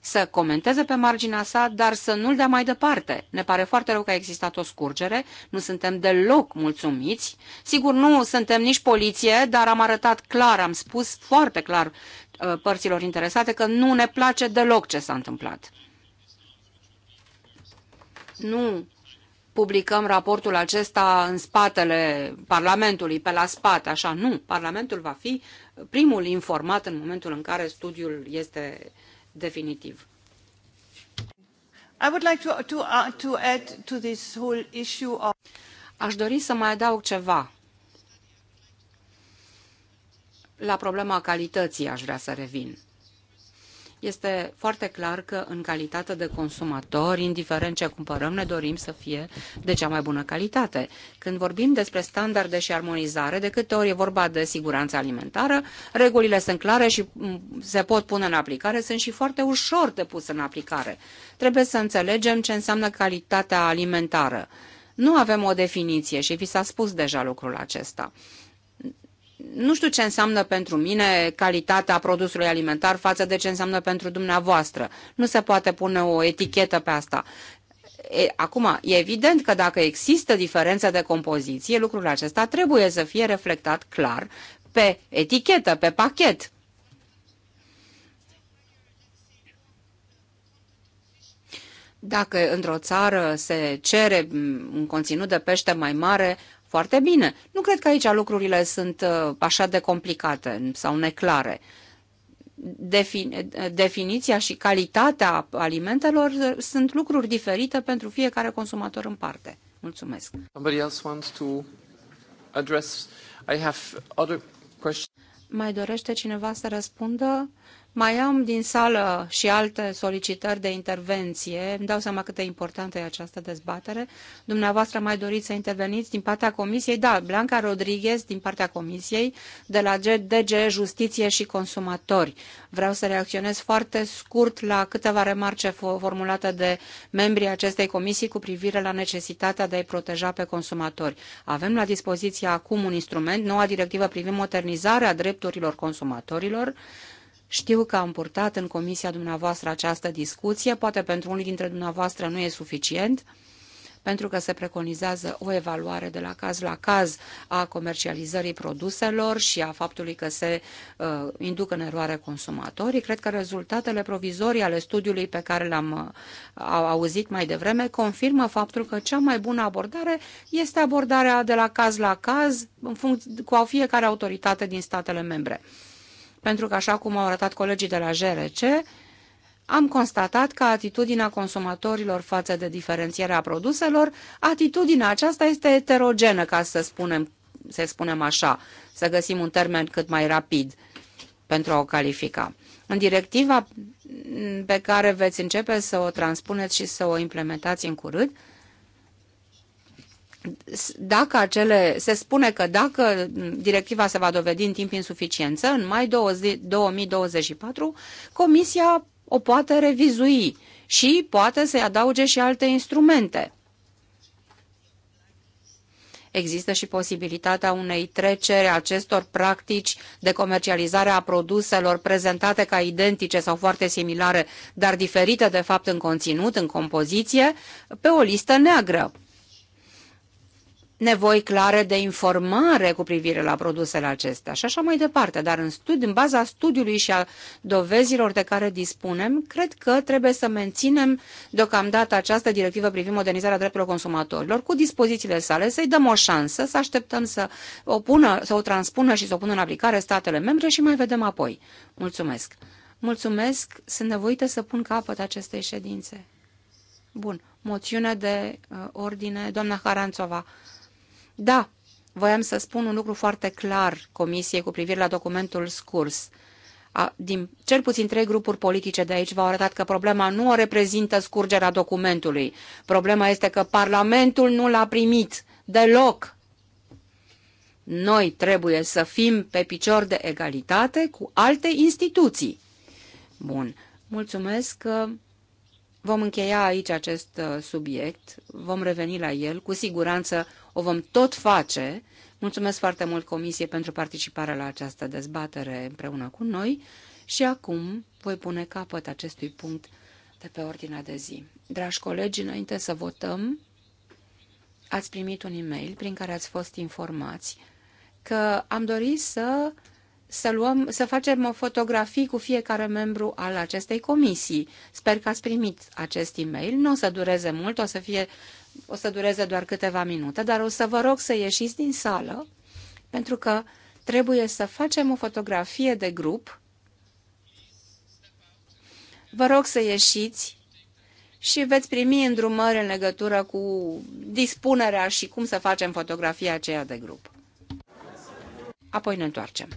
să comenteze pe marginea sa, dar să nu-l dea mai departe. Ne pare foarte rău că a existat o scurgere, nu suntem deloc mulțumiți. Sigur, nu suntem nici poliție, dar am arătat clar, am spus foarte clar uh, părților interesate că nu ne place deloc ce s-a întâmplat. Nu publicăm raportul acesta în spatele Parlamentului, pe la spate, așa, nu. Parlamentul va fi primul informat în momentul în care studiul este definitiv. I would like to, to, uh, to add to this whole issue of... Aș dori să mai adaug ceva. La problema calității aș vrea să revin este foarte clar că în calitate de consumator, indiferent ce cumpărăm, ne dorim să fie de cea mai bună calitate. Când vorbim despre standarde și armonizare, de câte ori e vorba de siguranță alimentară, regulile sunt clare și mm, se pot pune în aplicare, sunt și foarte ușor de pus în aplicare. Trebuie să înțelegem ce înseamnă calitatea alimentară. Nu avem o definiție și vi s-a spus deja lucrul acesta nu știu ce înseamnă pentru mine calitatea produsului alimentar față de ce înseamnă pentru dumneavoastră. Nu se poate pune o etichetă pe asta. acum, e evident că dacă există diferență de compoziție, lucrul acesta trebuie să fie reflectat clar pe etichetă, pe pachet. Dacă într-o țară se cere un conținut de pește mai mare, foarte bine. Nu cred că aici lucrurile sunt uh, așa de complicate sau neclare. Defin, definiția și calitatea alimentelor uh, sunt lucruri diferite pentru fiecare consumator în parte. Mulțumesc. Mai dorește cineva să răspundă? Mai am din sală și alte solicitări de intervenție. Îmi dau seama cât de importantă e această dezbatere. Dumneavoastră mai doriți să interveniți din partea Comisiei? Da, Blanca Rodriguez din partea Comisiei, de la DG Justiție și Consumatori. Vreau să reacționez foarte scurt la câteva remarce formulate de membrii acestei comisii cu privire la necesitatea de a-i proteja pe consumatori. Avem la dispoziție acum un instrument, noua directivă privind modernizarea drepturilor consumatorilor, știu că am purtat în comisia dumneavoastră această discuție, poate pentru unii dintre dumneavoastră nu e suficient, pentru că se preconizează o evaluare de la caz la caz a comercializării produselor și a faptului că se uh, induc în eroare consumatorii. Cred că rezultatele provizorii ale studiului pe care l-am uh, auzit mai devreme confirmă faptul că cea mai bună abordare este abordarea de la caz la caz în cu fiecare autoritate din statele membre pentru că, așa cum au arătat colegii de la JRC, am constatat că atitudinea consumatorilor față de diferențierea produselor, atitudinea aceasta este eterogenă, ca să spunem, să spunem așa, să găsim un termen cât mai rapid pentru a o califica. În directiva pe care veți începe să o transpuneți și să o implementați în curând, dacă acele, se spune că dacă directiva se va dovedi în timp insuficiență, în mai 2024, Comisia o poate revizui și poate să-i adauge și alte instrumente. Există și posibilitatea unei treceri acestor practici de comercializare a produselor prezentate ca identice sau foarte similare, dar diferite de fapt în conținut, în compoziție, pe o listă neagră nevoi clare de informare cu privire la produsele acestea și așa mai departe. Dar în, studi- în baza studiului și a dovezilor de care dispunem, cred că trebuie să menținem deocamdată această directivă privind modernizarea drepturilor consumatorilor cu dispozițiile sale, să-i dăm o șansă, să așteptăm să o, pună, să o transpună și să o pună în aplicare statele membre și mai vedem apoi. Mulțumesc! Mulțumesc, sunt nevoită să pun capăt acestei ședințe. Bun, moțiune de uh, ordine, doamna Haranțova. Da, voiam să spun un lucru foarte clar Comisiei cu privire la documentul scurs. A, din cel puțin trei grupuri politice de aici v-au arătat că problema nu o reprezintă scurgerea documentului. Problema este că Parlamentul nu l-a primit deloc. Noi trebuie să fim pe picior de egalitate cu alte instituții. Bun, mulțumesc că vom încheia aici acest uh, subiect, vom reveni la el, cu siguranță o vom tot face. Mulțumesc foarte mult Comisie pentru participarea la această dezbatere împreună cu noi și acum voi pune capăt acestui punct de pe ordinea de zi. Dragi colegi, înainte să votăm, ați primit un e-mail prin care ați fost informați că am dorit să, să, luăm, să facem o fotografie cu fiecare membru al acestei comisii. Sper că ați primit acest e-mail. Nu o să dureze mult, o să fie o să dureze doar câteva minute, dar o să vă rog să ieșiți din sală, pentru că trebuie să facem o fotografie de grup. Vă rog să ieșiți și veți primi îndrumări în legătură cu dispunerea și cum să facem fotografia aceea de grup. Apoi ne întoarcem.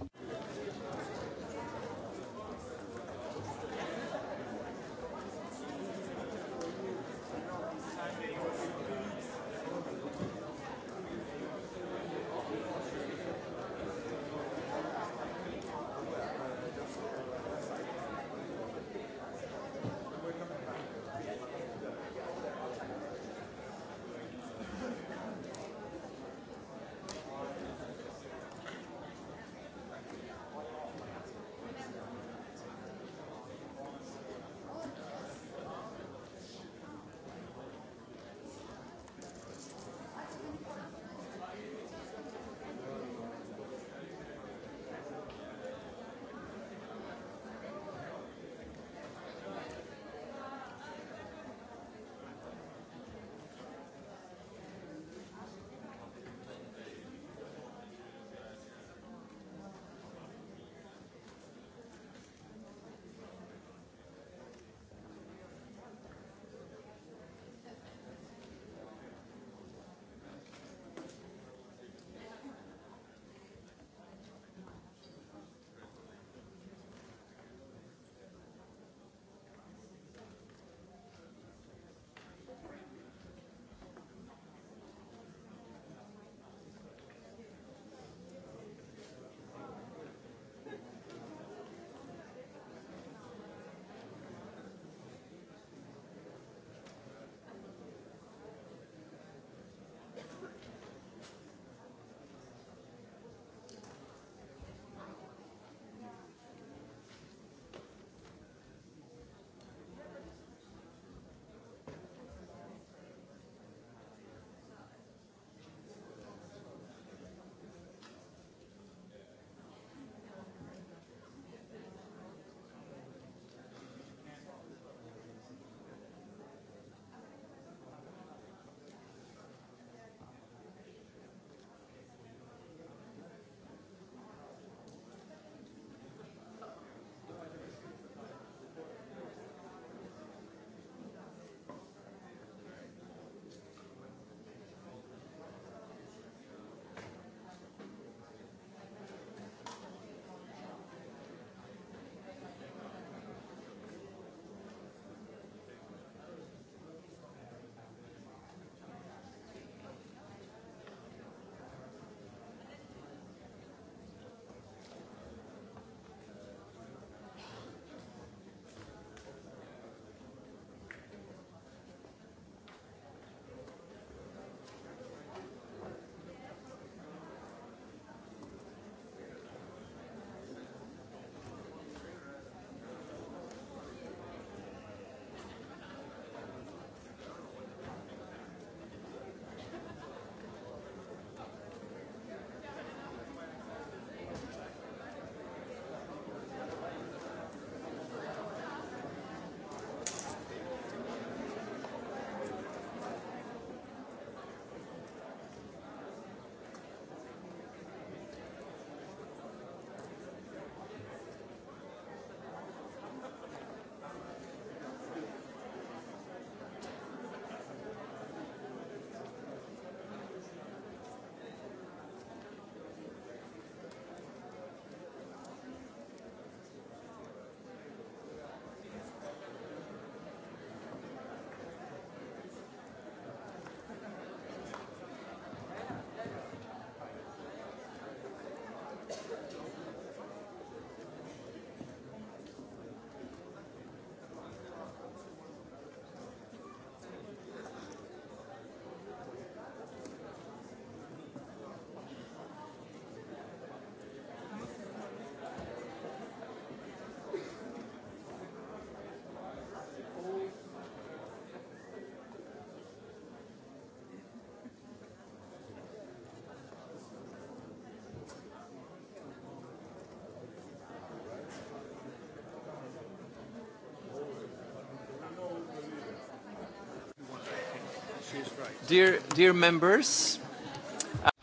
Dear, dear members,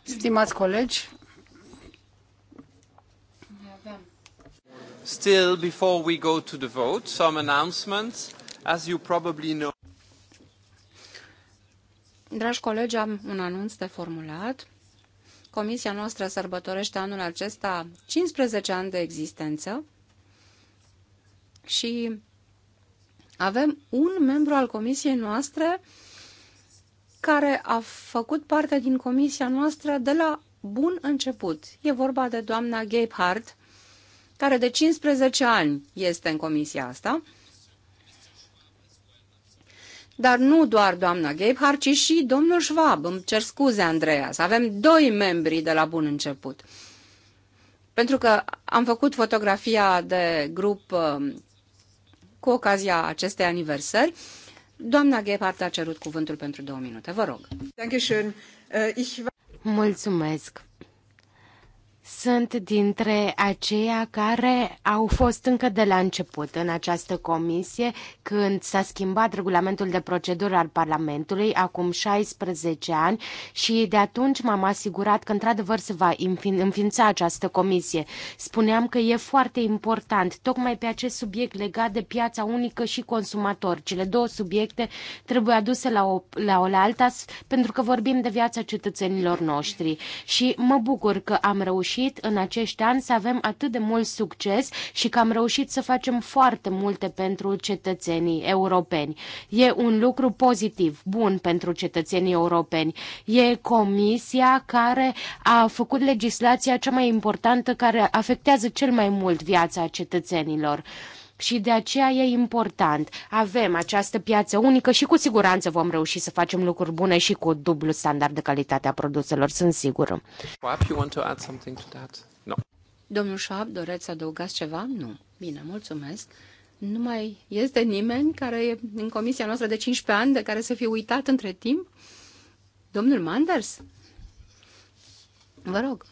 Stimați colegi, Still, before we go to the vote, some announcements. As you probably know. Dragi colegi, am un anunț de formulat. Comisia noastră sărbătorește anul acesta 15 ani de existență și avem un membru al comisiei noastre care a făcut parte din comisia noastră de la bun început. E vorba de doamna Gebhardt, care de 15 ani este în comisia asta, dar nu doar doamna Gebhardt, ci și domnul Schwab. Îmi cer scuze, Andreas. Avem doi membri de la bun început. Pentru că am făcut fotografia de grup uh, cu ocazia acestei aniversări Doamna Gephardt a cerut cuvântul pentru două minute. Vă rog. Äh, Mulțumesc sunt dintre aceia care au fost încă de la început în această comisie, când s-a schimbat regulamentul de procedură al Parlamentului, acum 16 ani, și de atunci m-am asigurat că într-adevăr se va înființa această comisie. Spuneam că e foarte important, tocmai pe acest subiect legat de piața unică și consumator. Cele două subiecte trebuie aduse la o la, o, la alta, pentru că vorbim de viața cetățenilor noștri. Și mă bucur că am reușit reușit în acești ani să avem atât de mult succes și că am reușit să facem foarte multe pentru cetățenii europeni. E un lucru pozitiv, bun pentru cetățenii europeni. E comisia care a făcut legislația cea mai importantă care afectează cel mai mult viața cetățenilor și de aceea e important. Avem această piață unică și cu siguranță vom reuși să facem lucruri bune și cu dublu standard de calitate a produselor, sunt sigură. Domnul Schwab, doreți să adăugați ceva? Nu. Bine, mulțumesc. Nu mai este nimeni care e în comisia noastră de 15 ani de care să fie uitat între timp? Domnul Manders? Vă rog.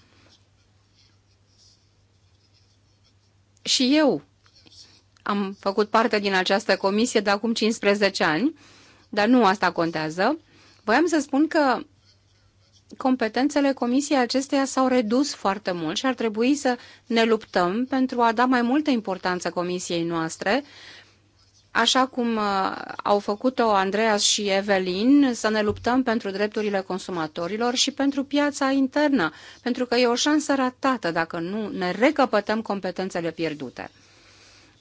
Și eu am făcut parte din această comisie de acum 15 ani, dar nu asta contează. Voiam să spun că competențele comisiei acesteia s-au redus foarte mult și ar trebui să ne luptăm pentru a da mai multă importanță comisiei noastre, așa cum uh, au făcut-o Andreas și Evelin, să ne luptăm pentru drepturile consumatorilor și pentru piața internă, pentru că e o șansă ratată dacă nu ne recapătăm competențele pierdute.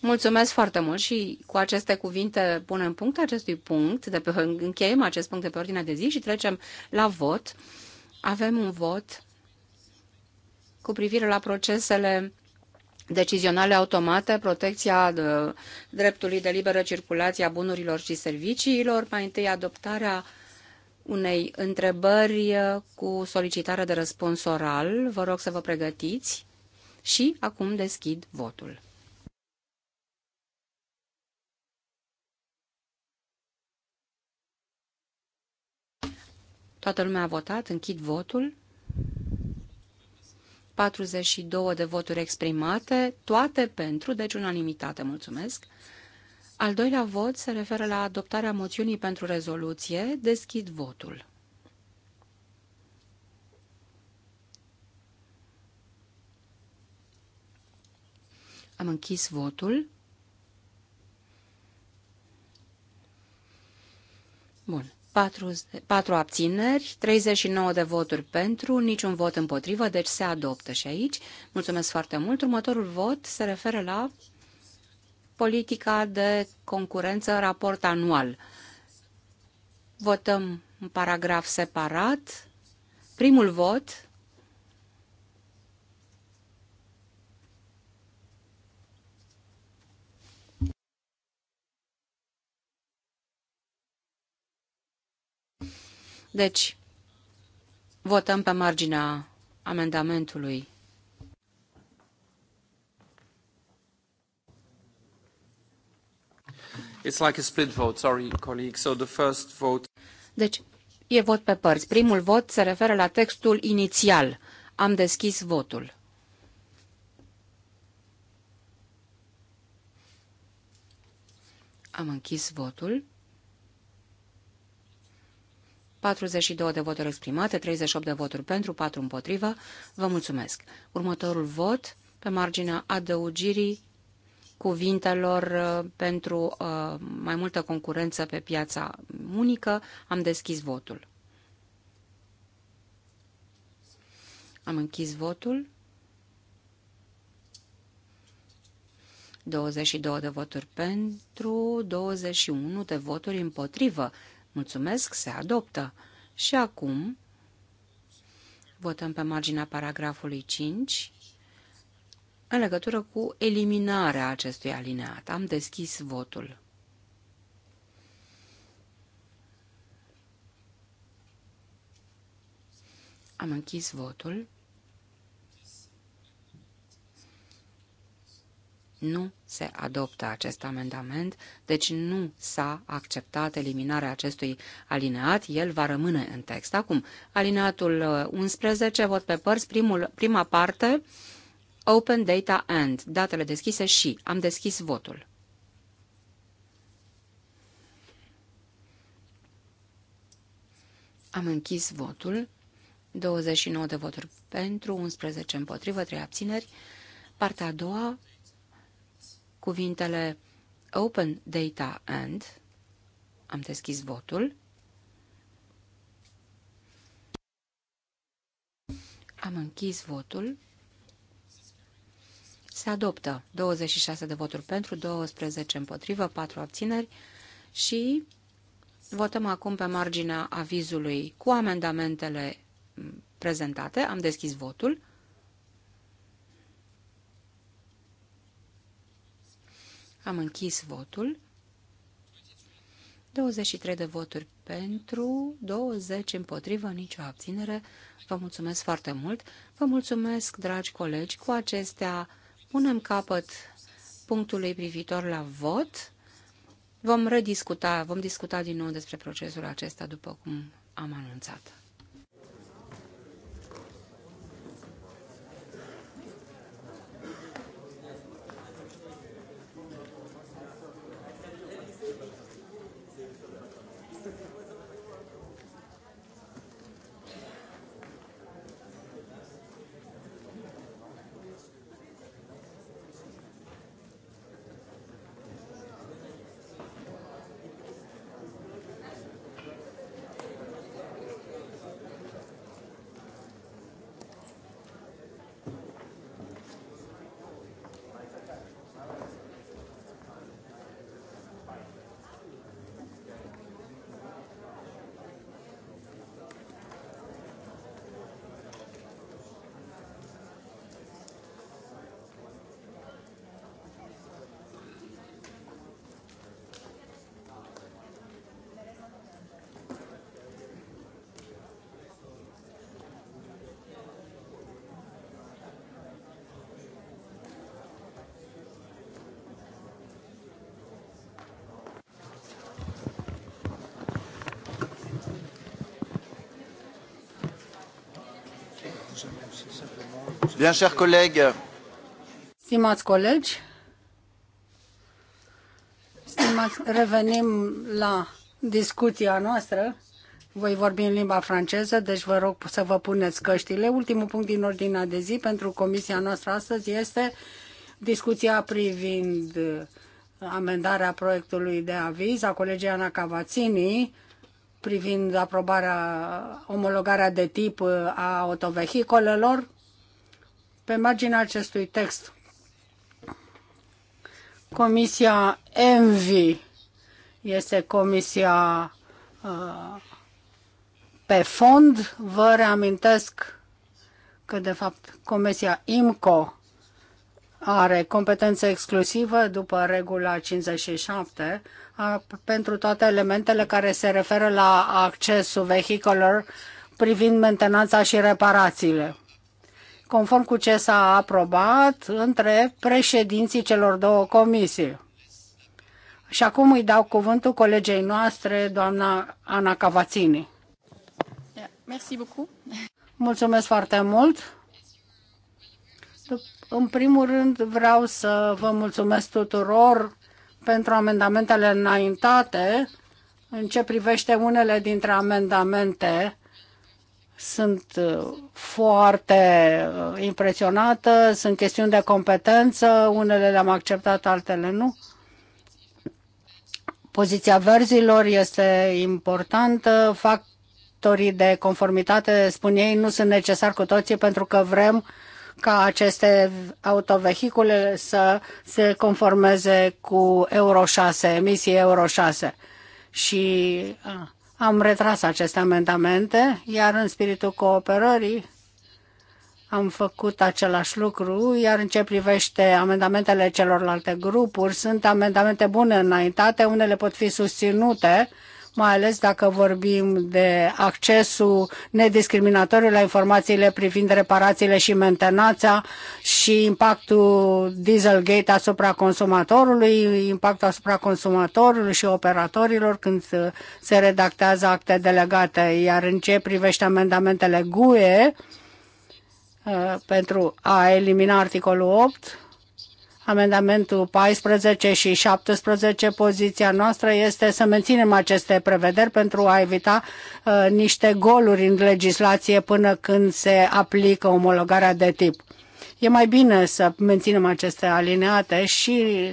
Mulțumesc foarte mult și cu aceste cuvinte punem punct acestui punct, de pe, încheiem acest punct de pe ordinea de zi și trecem la vot. Avem un vot cu privire la procesele decizionale automate, protecția de, dreptului de liberă circulație a bunurilor și serviciilor, mai întâi adoptarea unei întrebări cu solicitare de răspuns oral. Vă rog să vă pregătiți și acum deschid votul. Toată lumea a votat, închid votul. 42 de voturi exprimate, toate pentru, deci unanimitate, mulțumesc. Al doilea vot se referă la adoptarea moțiunii pentru rezoluție. Deschid votul. Am închis votul. Bun. 4, 4 abțineri, 39 de voturi pentru, niciun vot împotrivă, deci se adoptă și aici. Mulțumesc foarte mult. Următorul vot se referă la politica de concurență raport anual. Votăm un paragraf separat. Primul vot Deci, votăm pe marginea amendamentului. It's like a split vote, sorry, colleague. So the first vote... Deci, e vot pe părți. Primul vot se referă la textul inițial. Am deschis votul. Am închis votul. 42 de voturi exprimate, 38 de voturi pentru, 4 împotrivă. Vă mulțumesc. Următorul vot pe marginea adăugirii cuvintelor uh, pentru uh, mai multă concurență pe piața unică. Am deschis votul. Am închis votul. 22 de voturi pentru, 21 de voturi împotrivă. Mulțumesc, se adoptă. Și acum votăm pe marginea paragrafului 5 în legătură cu eliminarea acestui alineat. Am deschis votul. Am închis votul. Nu se adoptă acest amendament, deci nu s-a acceptat eliminarea acestui alineat, el va rămâne în text. Acum, alineatul 11, uh, vot pe părți, primul, prima parte, Open Data and, datele deschise și am deschis votul. Am închis votul. 29 de voturi pentru, 11 împotrivă, 3 abțineri. Partea a doua, cuvintele Open Data and. Am deschis votul. Am închis votul. Se adoptă 26 de voturi pentru, 12 împotrivă, 4 abțineri și votăm acum pe marginea avizului cu amendamentele prezentate. Am deschis votul. Am închis votul. 23 de voturi pentru, 20 împotrivă, nicio abținere. Vă mulțumesc foarte mult. Vă mulțumesc, dragi colegi. Cu acestea punem capăt punctului privitor la vot. Vom rediscuta, vom discuta din nou despre procesul acesta, după cum am anunțat. Bien, chers collègues. Stimați colegi, stimați, revenim la discuția noastră. Voi vorbi în limba franceză, deci vă rog să vă puneți căștile. Ultimul punct din ordinea de zi pentru comisia noastră astăzi este discuția privind uh, amendarea proiectului de aviz a colegii Ana Cavazzini privind aprobarea, omologarea de tip uh, a autovehicolelor pe marginea acestui text, Comisia ENVI este comisia uh, pe fond. Vă reamintesc că, de fapt, comisia IMCO are competență exclusivă după regula 57 a, pentru toate elementele care se referă la accesul vehiculelor privind mentenanța și reparațiile conform cu ce s-a aprobat între președinții celor două comisii. Și acum îi dau cuvântul colegei noastre, doamna Ana Cavazzini. Mulțumesc foarte mult. În primul rând vreau să vă mulțumesc tuturor pentru amendamentele înaintate. În ce privește unele dintre amendamente, sunt uh, foarte uh, impresionată, sunt chestiuni de competență, unele le-am acceptat, altele nu. Poziția verzilor este importantă, factorii de conformitate, spun ei, nu sunt necesari cu toții pentru că vrem ca aceste autovehicule să se conformeze cu Euro 6, emisii Euro 6. Și a, uh, am retras aceste amendamente, iar în spiritul cooperării am făcut același lucru, iar în ce privește amendamentele celorlalte grupuri, sunt amendamente bune înaintate, unele pot fi susținute, mai ales dacă vorbim de accesul nediscriminatoriu la informațiile privind reparațiile și mentenanța și impactul Dieselgate asupra consumatorului, impactul asupra consumatorului și operatorilor când se redactează acte delegate. Iar în ce privește amendamentele GUE, uh, pentru a elimina articolul 8, amendamentul 14 și 17, poziția noastră este să menținem aceste prevederi pentru a evita uh, niște goluri în legislație până când se aplică omologarea de tip. E mai bine să menținem aceste alineate și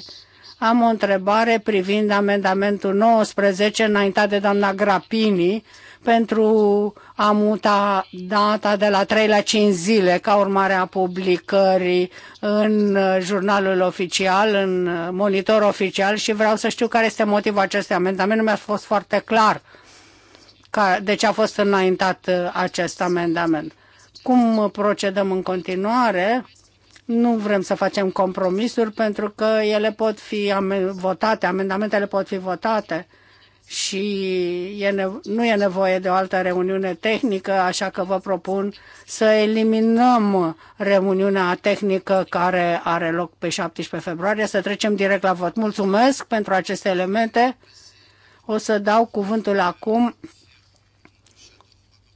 am o întrebare privind amendamentul 19 înaintat de doamna Grapini, uh, pentru a muta data de la 3 la 5 zile ca urmare a publicării în jurnalul oficial, în monitor oficial și vreau să știu care este motivul acestui amendament. Nu mi-a fost foarte clar de ce a fost înaintat uh, acest amendament. Cum procedăm în continuare? Nu vrem să facem compromisuri pentru că ele pot fi votate, amendamentele pot fi votate și e nu e nevoie de o altă reuniune tehnică, așa că vă propun să eliminăm reuniunea tehnică care are loc pe 17 februarie, să trecem direct la vot. Mulțumesc pentru aceste elemente. O să dau cuvântul acum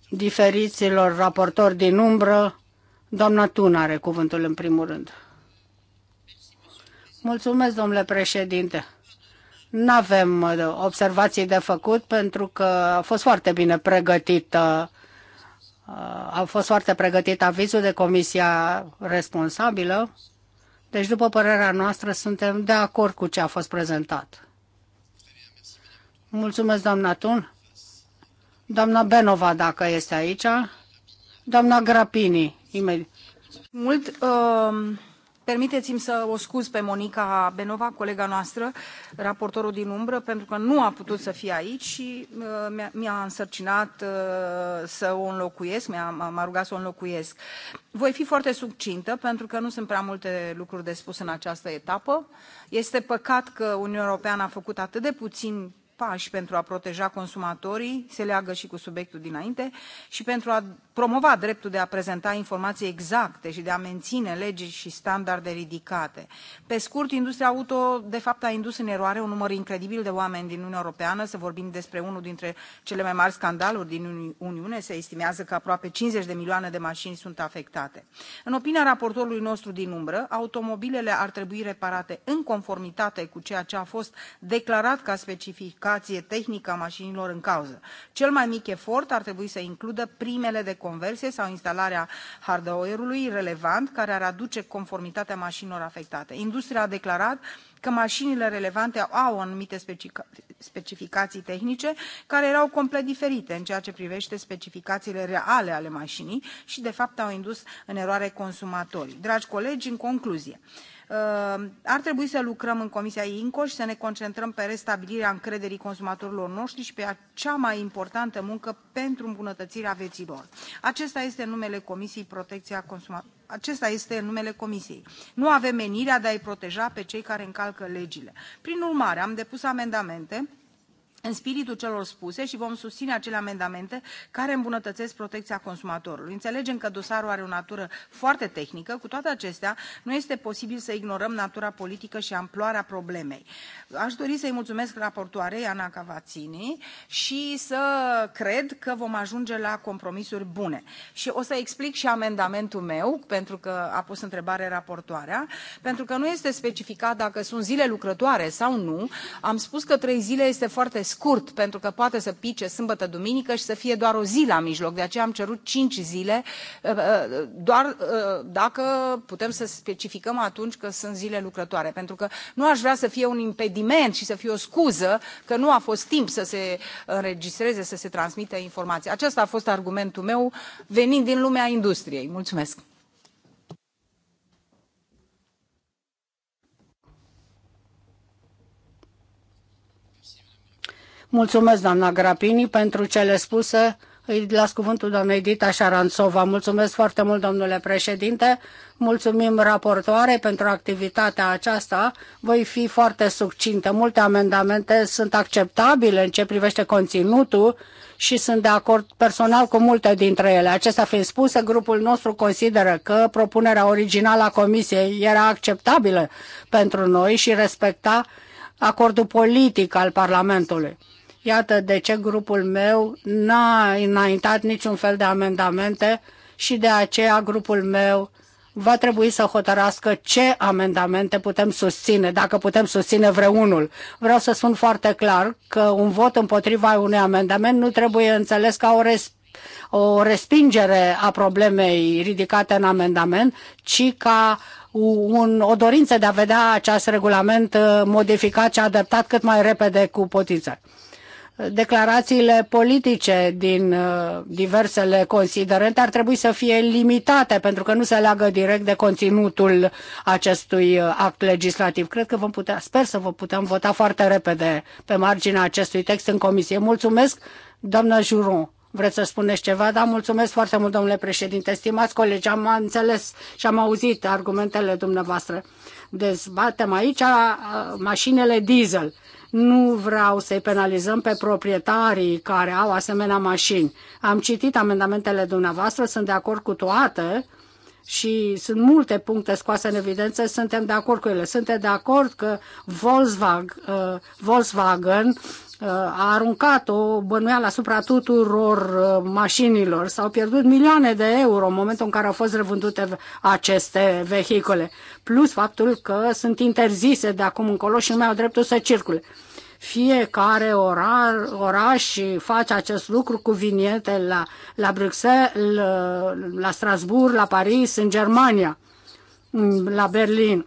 diferiților raportori din umbră. Doamna Tun are cuvântul în primul rând. Mulțumesc, domnule președinte. Nu avem uh, observații de făcut pentru că a fost foarte bine pregătită uh, a fost foarte pregătit avizul de comisia responsabilă, deci după părerea noastră suntem de acord cu ce a fost prezentat. Mulțumesc, doamna Tun. Doamna Benova, dacă este aici. Doamna Grapini, imediat. Mult, uh, Permiteți-mi să o scuz pe Monica Benova, colega noastră, raportorul din umbră, pentru că nu a putut să fie aici și uh, mi-a însărcinat uh, să o înlocuiesc, m-a rugat să o înlocuiesc. Voi fi foarte succintă, pentru că nu sunt prea multe lucruri de spus în această etapă. Este păcat că Uniunea Europeană a făcut atât de puțin pași pentru a proteja consumatorii se leagă și cu subiectul dinainte și pentru a promova dreptul de a prezenta informații exacte și de a menține legi și standarde ridicate. Pe scurt, industria auto, de fapt, a indus în eroare un număr incredibil de oameni din Uniunea Europeană, să vorbim despre unul dintre cele mai mari scandaluri din Uniune, se estimează că aproape 50 de milioane de mașini sunt afectate. În opinia raportorului nostru din umbră, automobilele ar trebui reparate în conformitate cu ceea ce a fost declarat ca specificat reparație tehnică a mașinilor în cauză. Cel mai mic efort ar trebui să includă primele de conversie sau instalarea hardware-ului relevant care ar aduce conformitatea mașinilor afectate. Industria a declarat că mașinile relevante au anumite specificații tehnice care erau complet diferite în ceea ce privește specificațiile reale ale mașinii și de fapt au indus în eroare consumatorii. Dragi colegi, în concluzie, Uh, ar trebui să lucrăm în Comisia imco și să ne concentrăm pe restabilirea încrederii consumatorilor noștri și pe cea mai importantă muncă pentru îmbunătățirea vieții lor. Acesta este numele Comisiei Protecția Consumatorilor acesta este numele comisiei. Nu avem menirea de a i proteja pe cei care încalcă legile. Prin urmare, am depus amendamente în spiritul celor spuse și vom susține acele amendamente care îmbunătățesc protecția consumatorului. înțelegem că dosarul are o natură foarte tehnică cu toate acestea nu este posibil să ignorăm natura politică și amploarea problemei. aș dori să i mulțumesc raportoarei ana cavazzini și să cred că vom ajunge la compromisuri bune. și o să explic și amendamentul meu pentru că a pus întrebare raportoarea pentru că nu este specificat dacă sunt zile lucrătoare sau nu am spus că trei zile este foarte scurt, pentru că poate să pice sâmbătă, duminică și să fie doar o zi la mijloc. De aceea am cerut cinci zile, uh, uh, doar uh, dacă putem să specificăm atunci că sunt zile lucrătoare. Pentru că nu aș vrea să fie un impediment și să fie o scuză că nu a fost timp să se înregistreze, să se transmită informații. Acesta a fost argumentul meu venind din lumea industriei. Mulțumesc! Mulțumesc, doamna Grapini, pentru cele spuse. Îi las cuvântul doamnei Dita Șaranțova. Mulțumesc foarte mult, domnule președinte. Mulțumim raportoare pentru activitatea aceasta. Voi fi foarte succintă. Multe amendamente sunt acceptabile în ce privește conținutul și sunt de acord personal cu multe dintre ele. Acestea fiind spuse, grupul nostru consideră că propunerea originală a Comisiei era acceptabilă pentru noi și respecta acordul politic al Parlamentului. Iată de ce grupul meu n-a înaintat niciun fel de amendamente și de aceea grupul meu va trebui să hotărască ce amendamente putem susține, dacă putem susține vreunul. Vreau să spun foarte clar că un vot împotriva unui amendament nu trebuie înțeles ca o respectare o respingere a problemei ridicate în amendament, ci ca un, o dorință de a vedea acest regulament uh, modificat și adaptat cât mai repede cu potință declarațiile politice din uh, diversele considerente ar trebui să fie limitate pentru că nu se leagă direct de conținutul acestui uh, act legislativ. Cred că vom putea, sper să vă putem vota foarte repede pe marginea acestui text în comisie. Mulțumesc, doamna Juron. Vreți să spuneți ceva? Da, mulțumesc foarte mult, domnule președinte. Stimați colegi, am înțeles și am auzit argumentele dumneavoastră. Dezbatem aici uh, mașinile diesel nu vreau să-i penalizăm pe proprietarii care au asemenea mașini. Am citit amendamentele dumneavoastră, sunt de acord cu toate și sunt multe puncte scoase în evidență, suntem de acord cu ele. Suntem de acord că Volkswagen, uh, Volkswagen a aruncat o bănuială asupra tuturor uh, mașinilor. S-au pierdut milioane de euro în momentul în care au fost revândute aceste vehicule. Plus faptul că sunt interzise de acum încolo și nu mai au dreptul să circule. Fiecare orar, oraș face acest lucru cu viniete la, la Bruxelles, la, la Strasbourg, la Paris, în Germania, la Berlin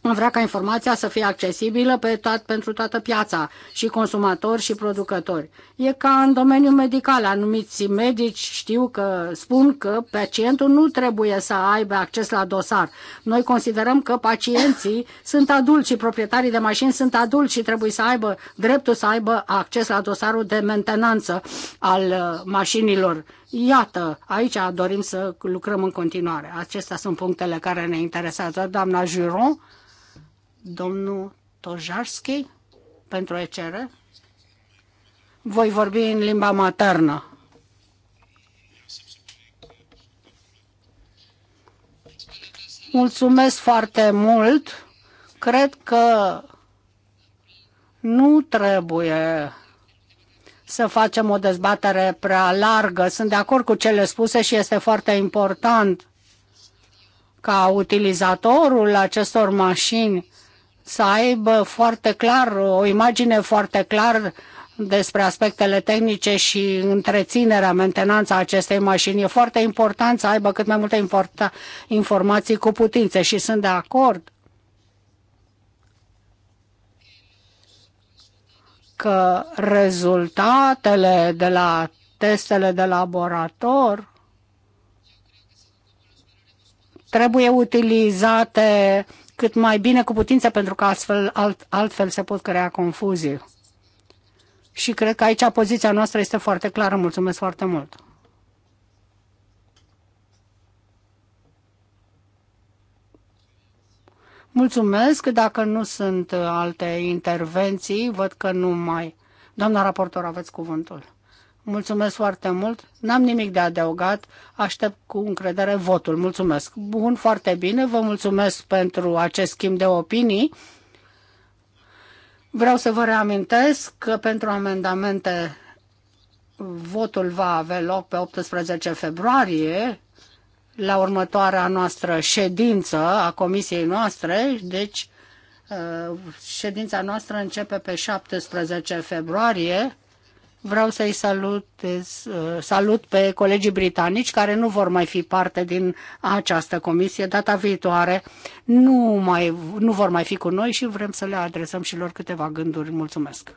vrea ca informația să fie accesibilă pe toat, pentru toată piața, și consumatori și producători. E ca în domeniul medical, anumiți medici știu că spun că pacientul nu trebuie să aibă acces la dosar. Noi considerăm că pacienții sunt adulți și proprietarii de mașini sunt adulți și trebuie să aibă dreptul să aibă acces la dosarul de mentenanță al uh, mașinilor. Iată, aici dorim să lucrăm în continuare. Acestea sunt punctele care ne interesează. Doamna Juron, domnul Tojarski pentru ECR. Voi vorbi în limba maternă. Mulțumesc foarte mult. Cred că nu trebuie să facem o dezbatere prea largă. Sunt de acord cu cele spuse și este foarte important ca utilizatorul acestor mașini să aibă foarte clar, o imagine foarte clar despre aspectele tehnice și întreținerea, mentenanța acestei mașini. E foarte important să aibă cât mai multe informații cu putință și sunt de acord că rezultatele de la testele de laborator trebuie utilizate cât mai bine cu putință, pentru că astfel, alt, altfel se pot crea confuzii. Și cred că aici poziția noastră este foarte clară. Mulțumesc foarte mult! Mulțumesc. Dacă nu sunt alte intervenții, văd că nu mai. Doamna raportor, aveți cuvântul. Mulțumesc foarte mult. N-am nimic de adăugat. Aștept cu încredere votul. Mulțumesc. Bun, foarte bine. Vă mulțumesc pentru acest schimb de opinii. Vreau să vă reamintesc că pentru amendamente votul va avea loc pe 18 februarie la următoarea noastră ședință a comisiei noastre, deci uh, ședința noastră începe pe 17 februarie Vreau să-i salut, uh, salut pe colegii britanici care nu vor mai fi parte din această comisie data viitoare. Nu, mai, nu vor mai fi cu noi și vrem să le adresăm și lor câteva gânduri. Mulțumesc!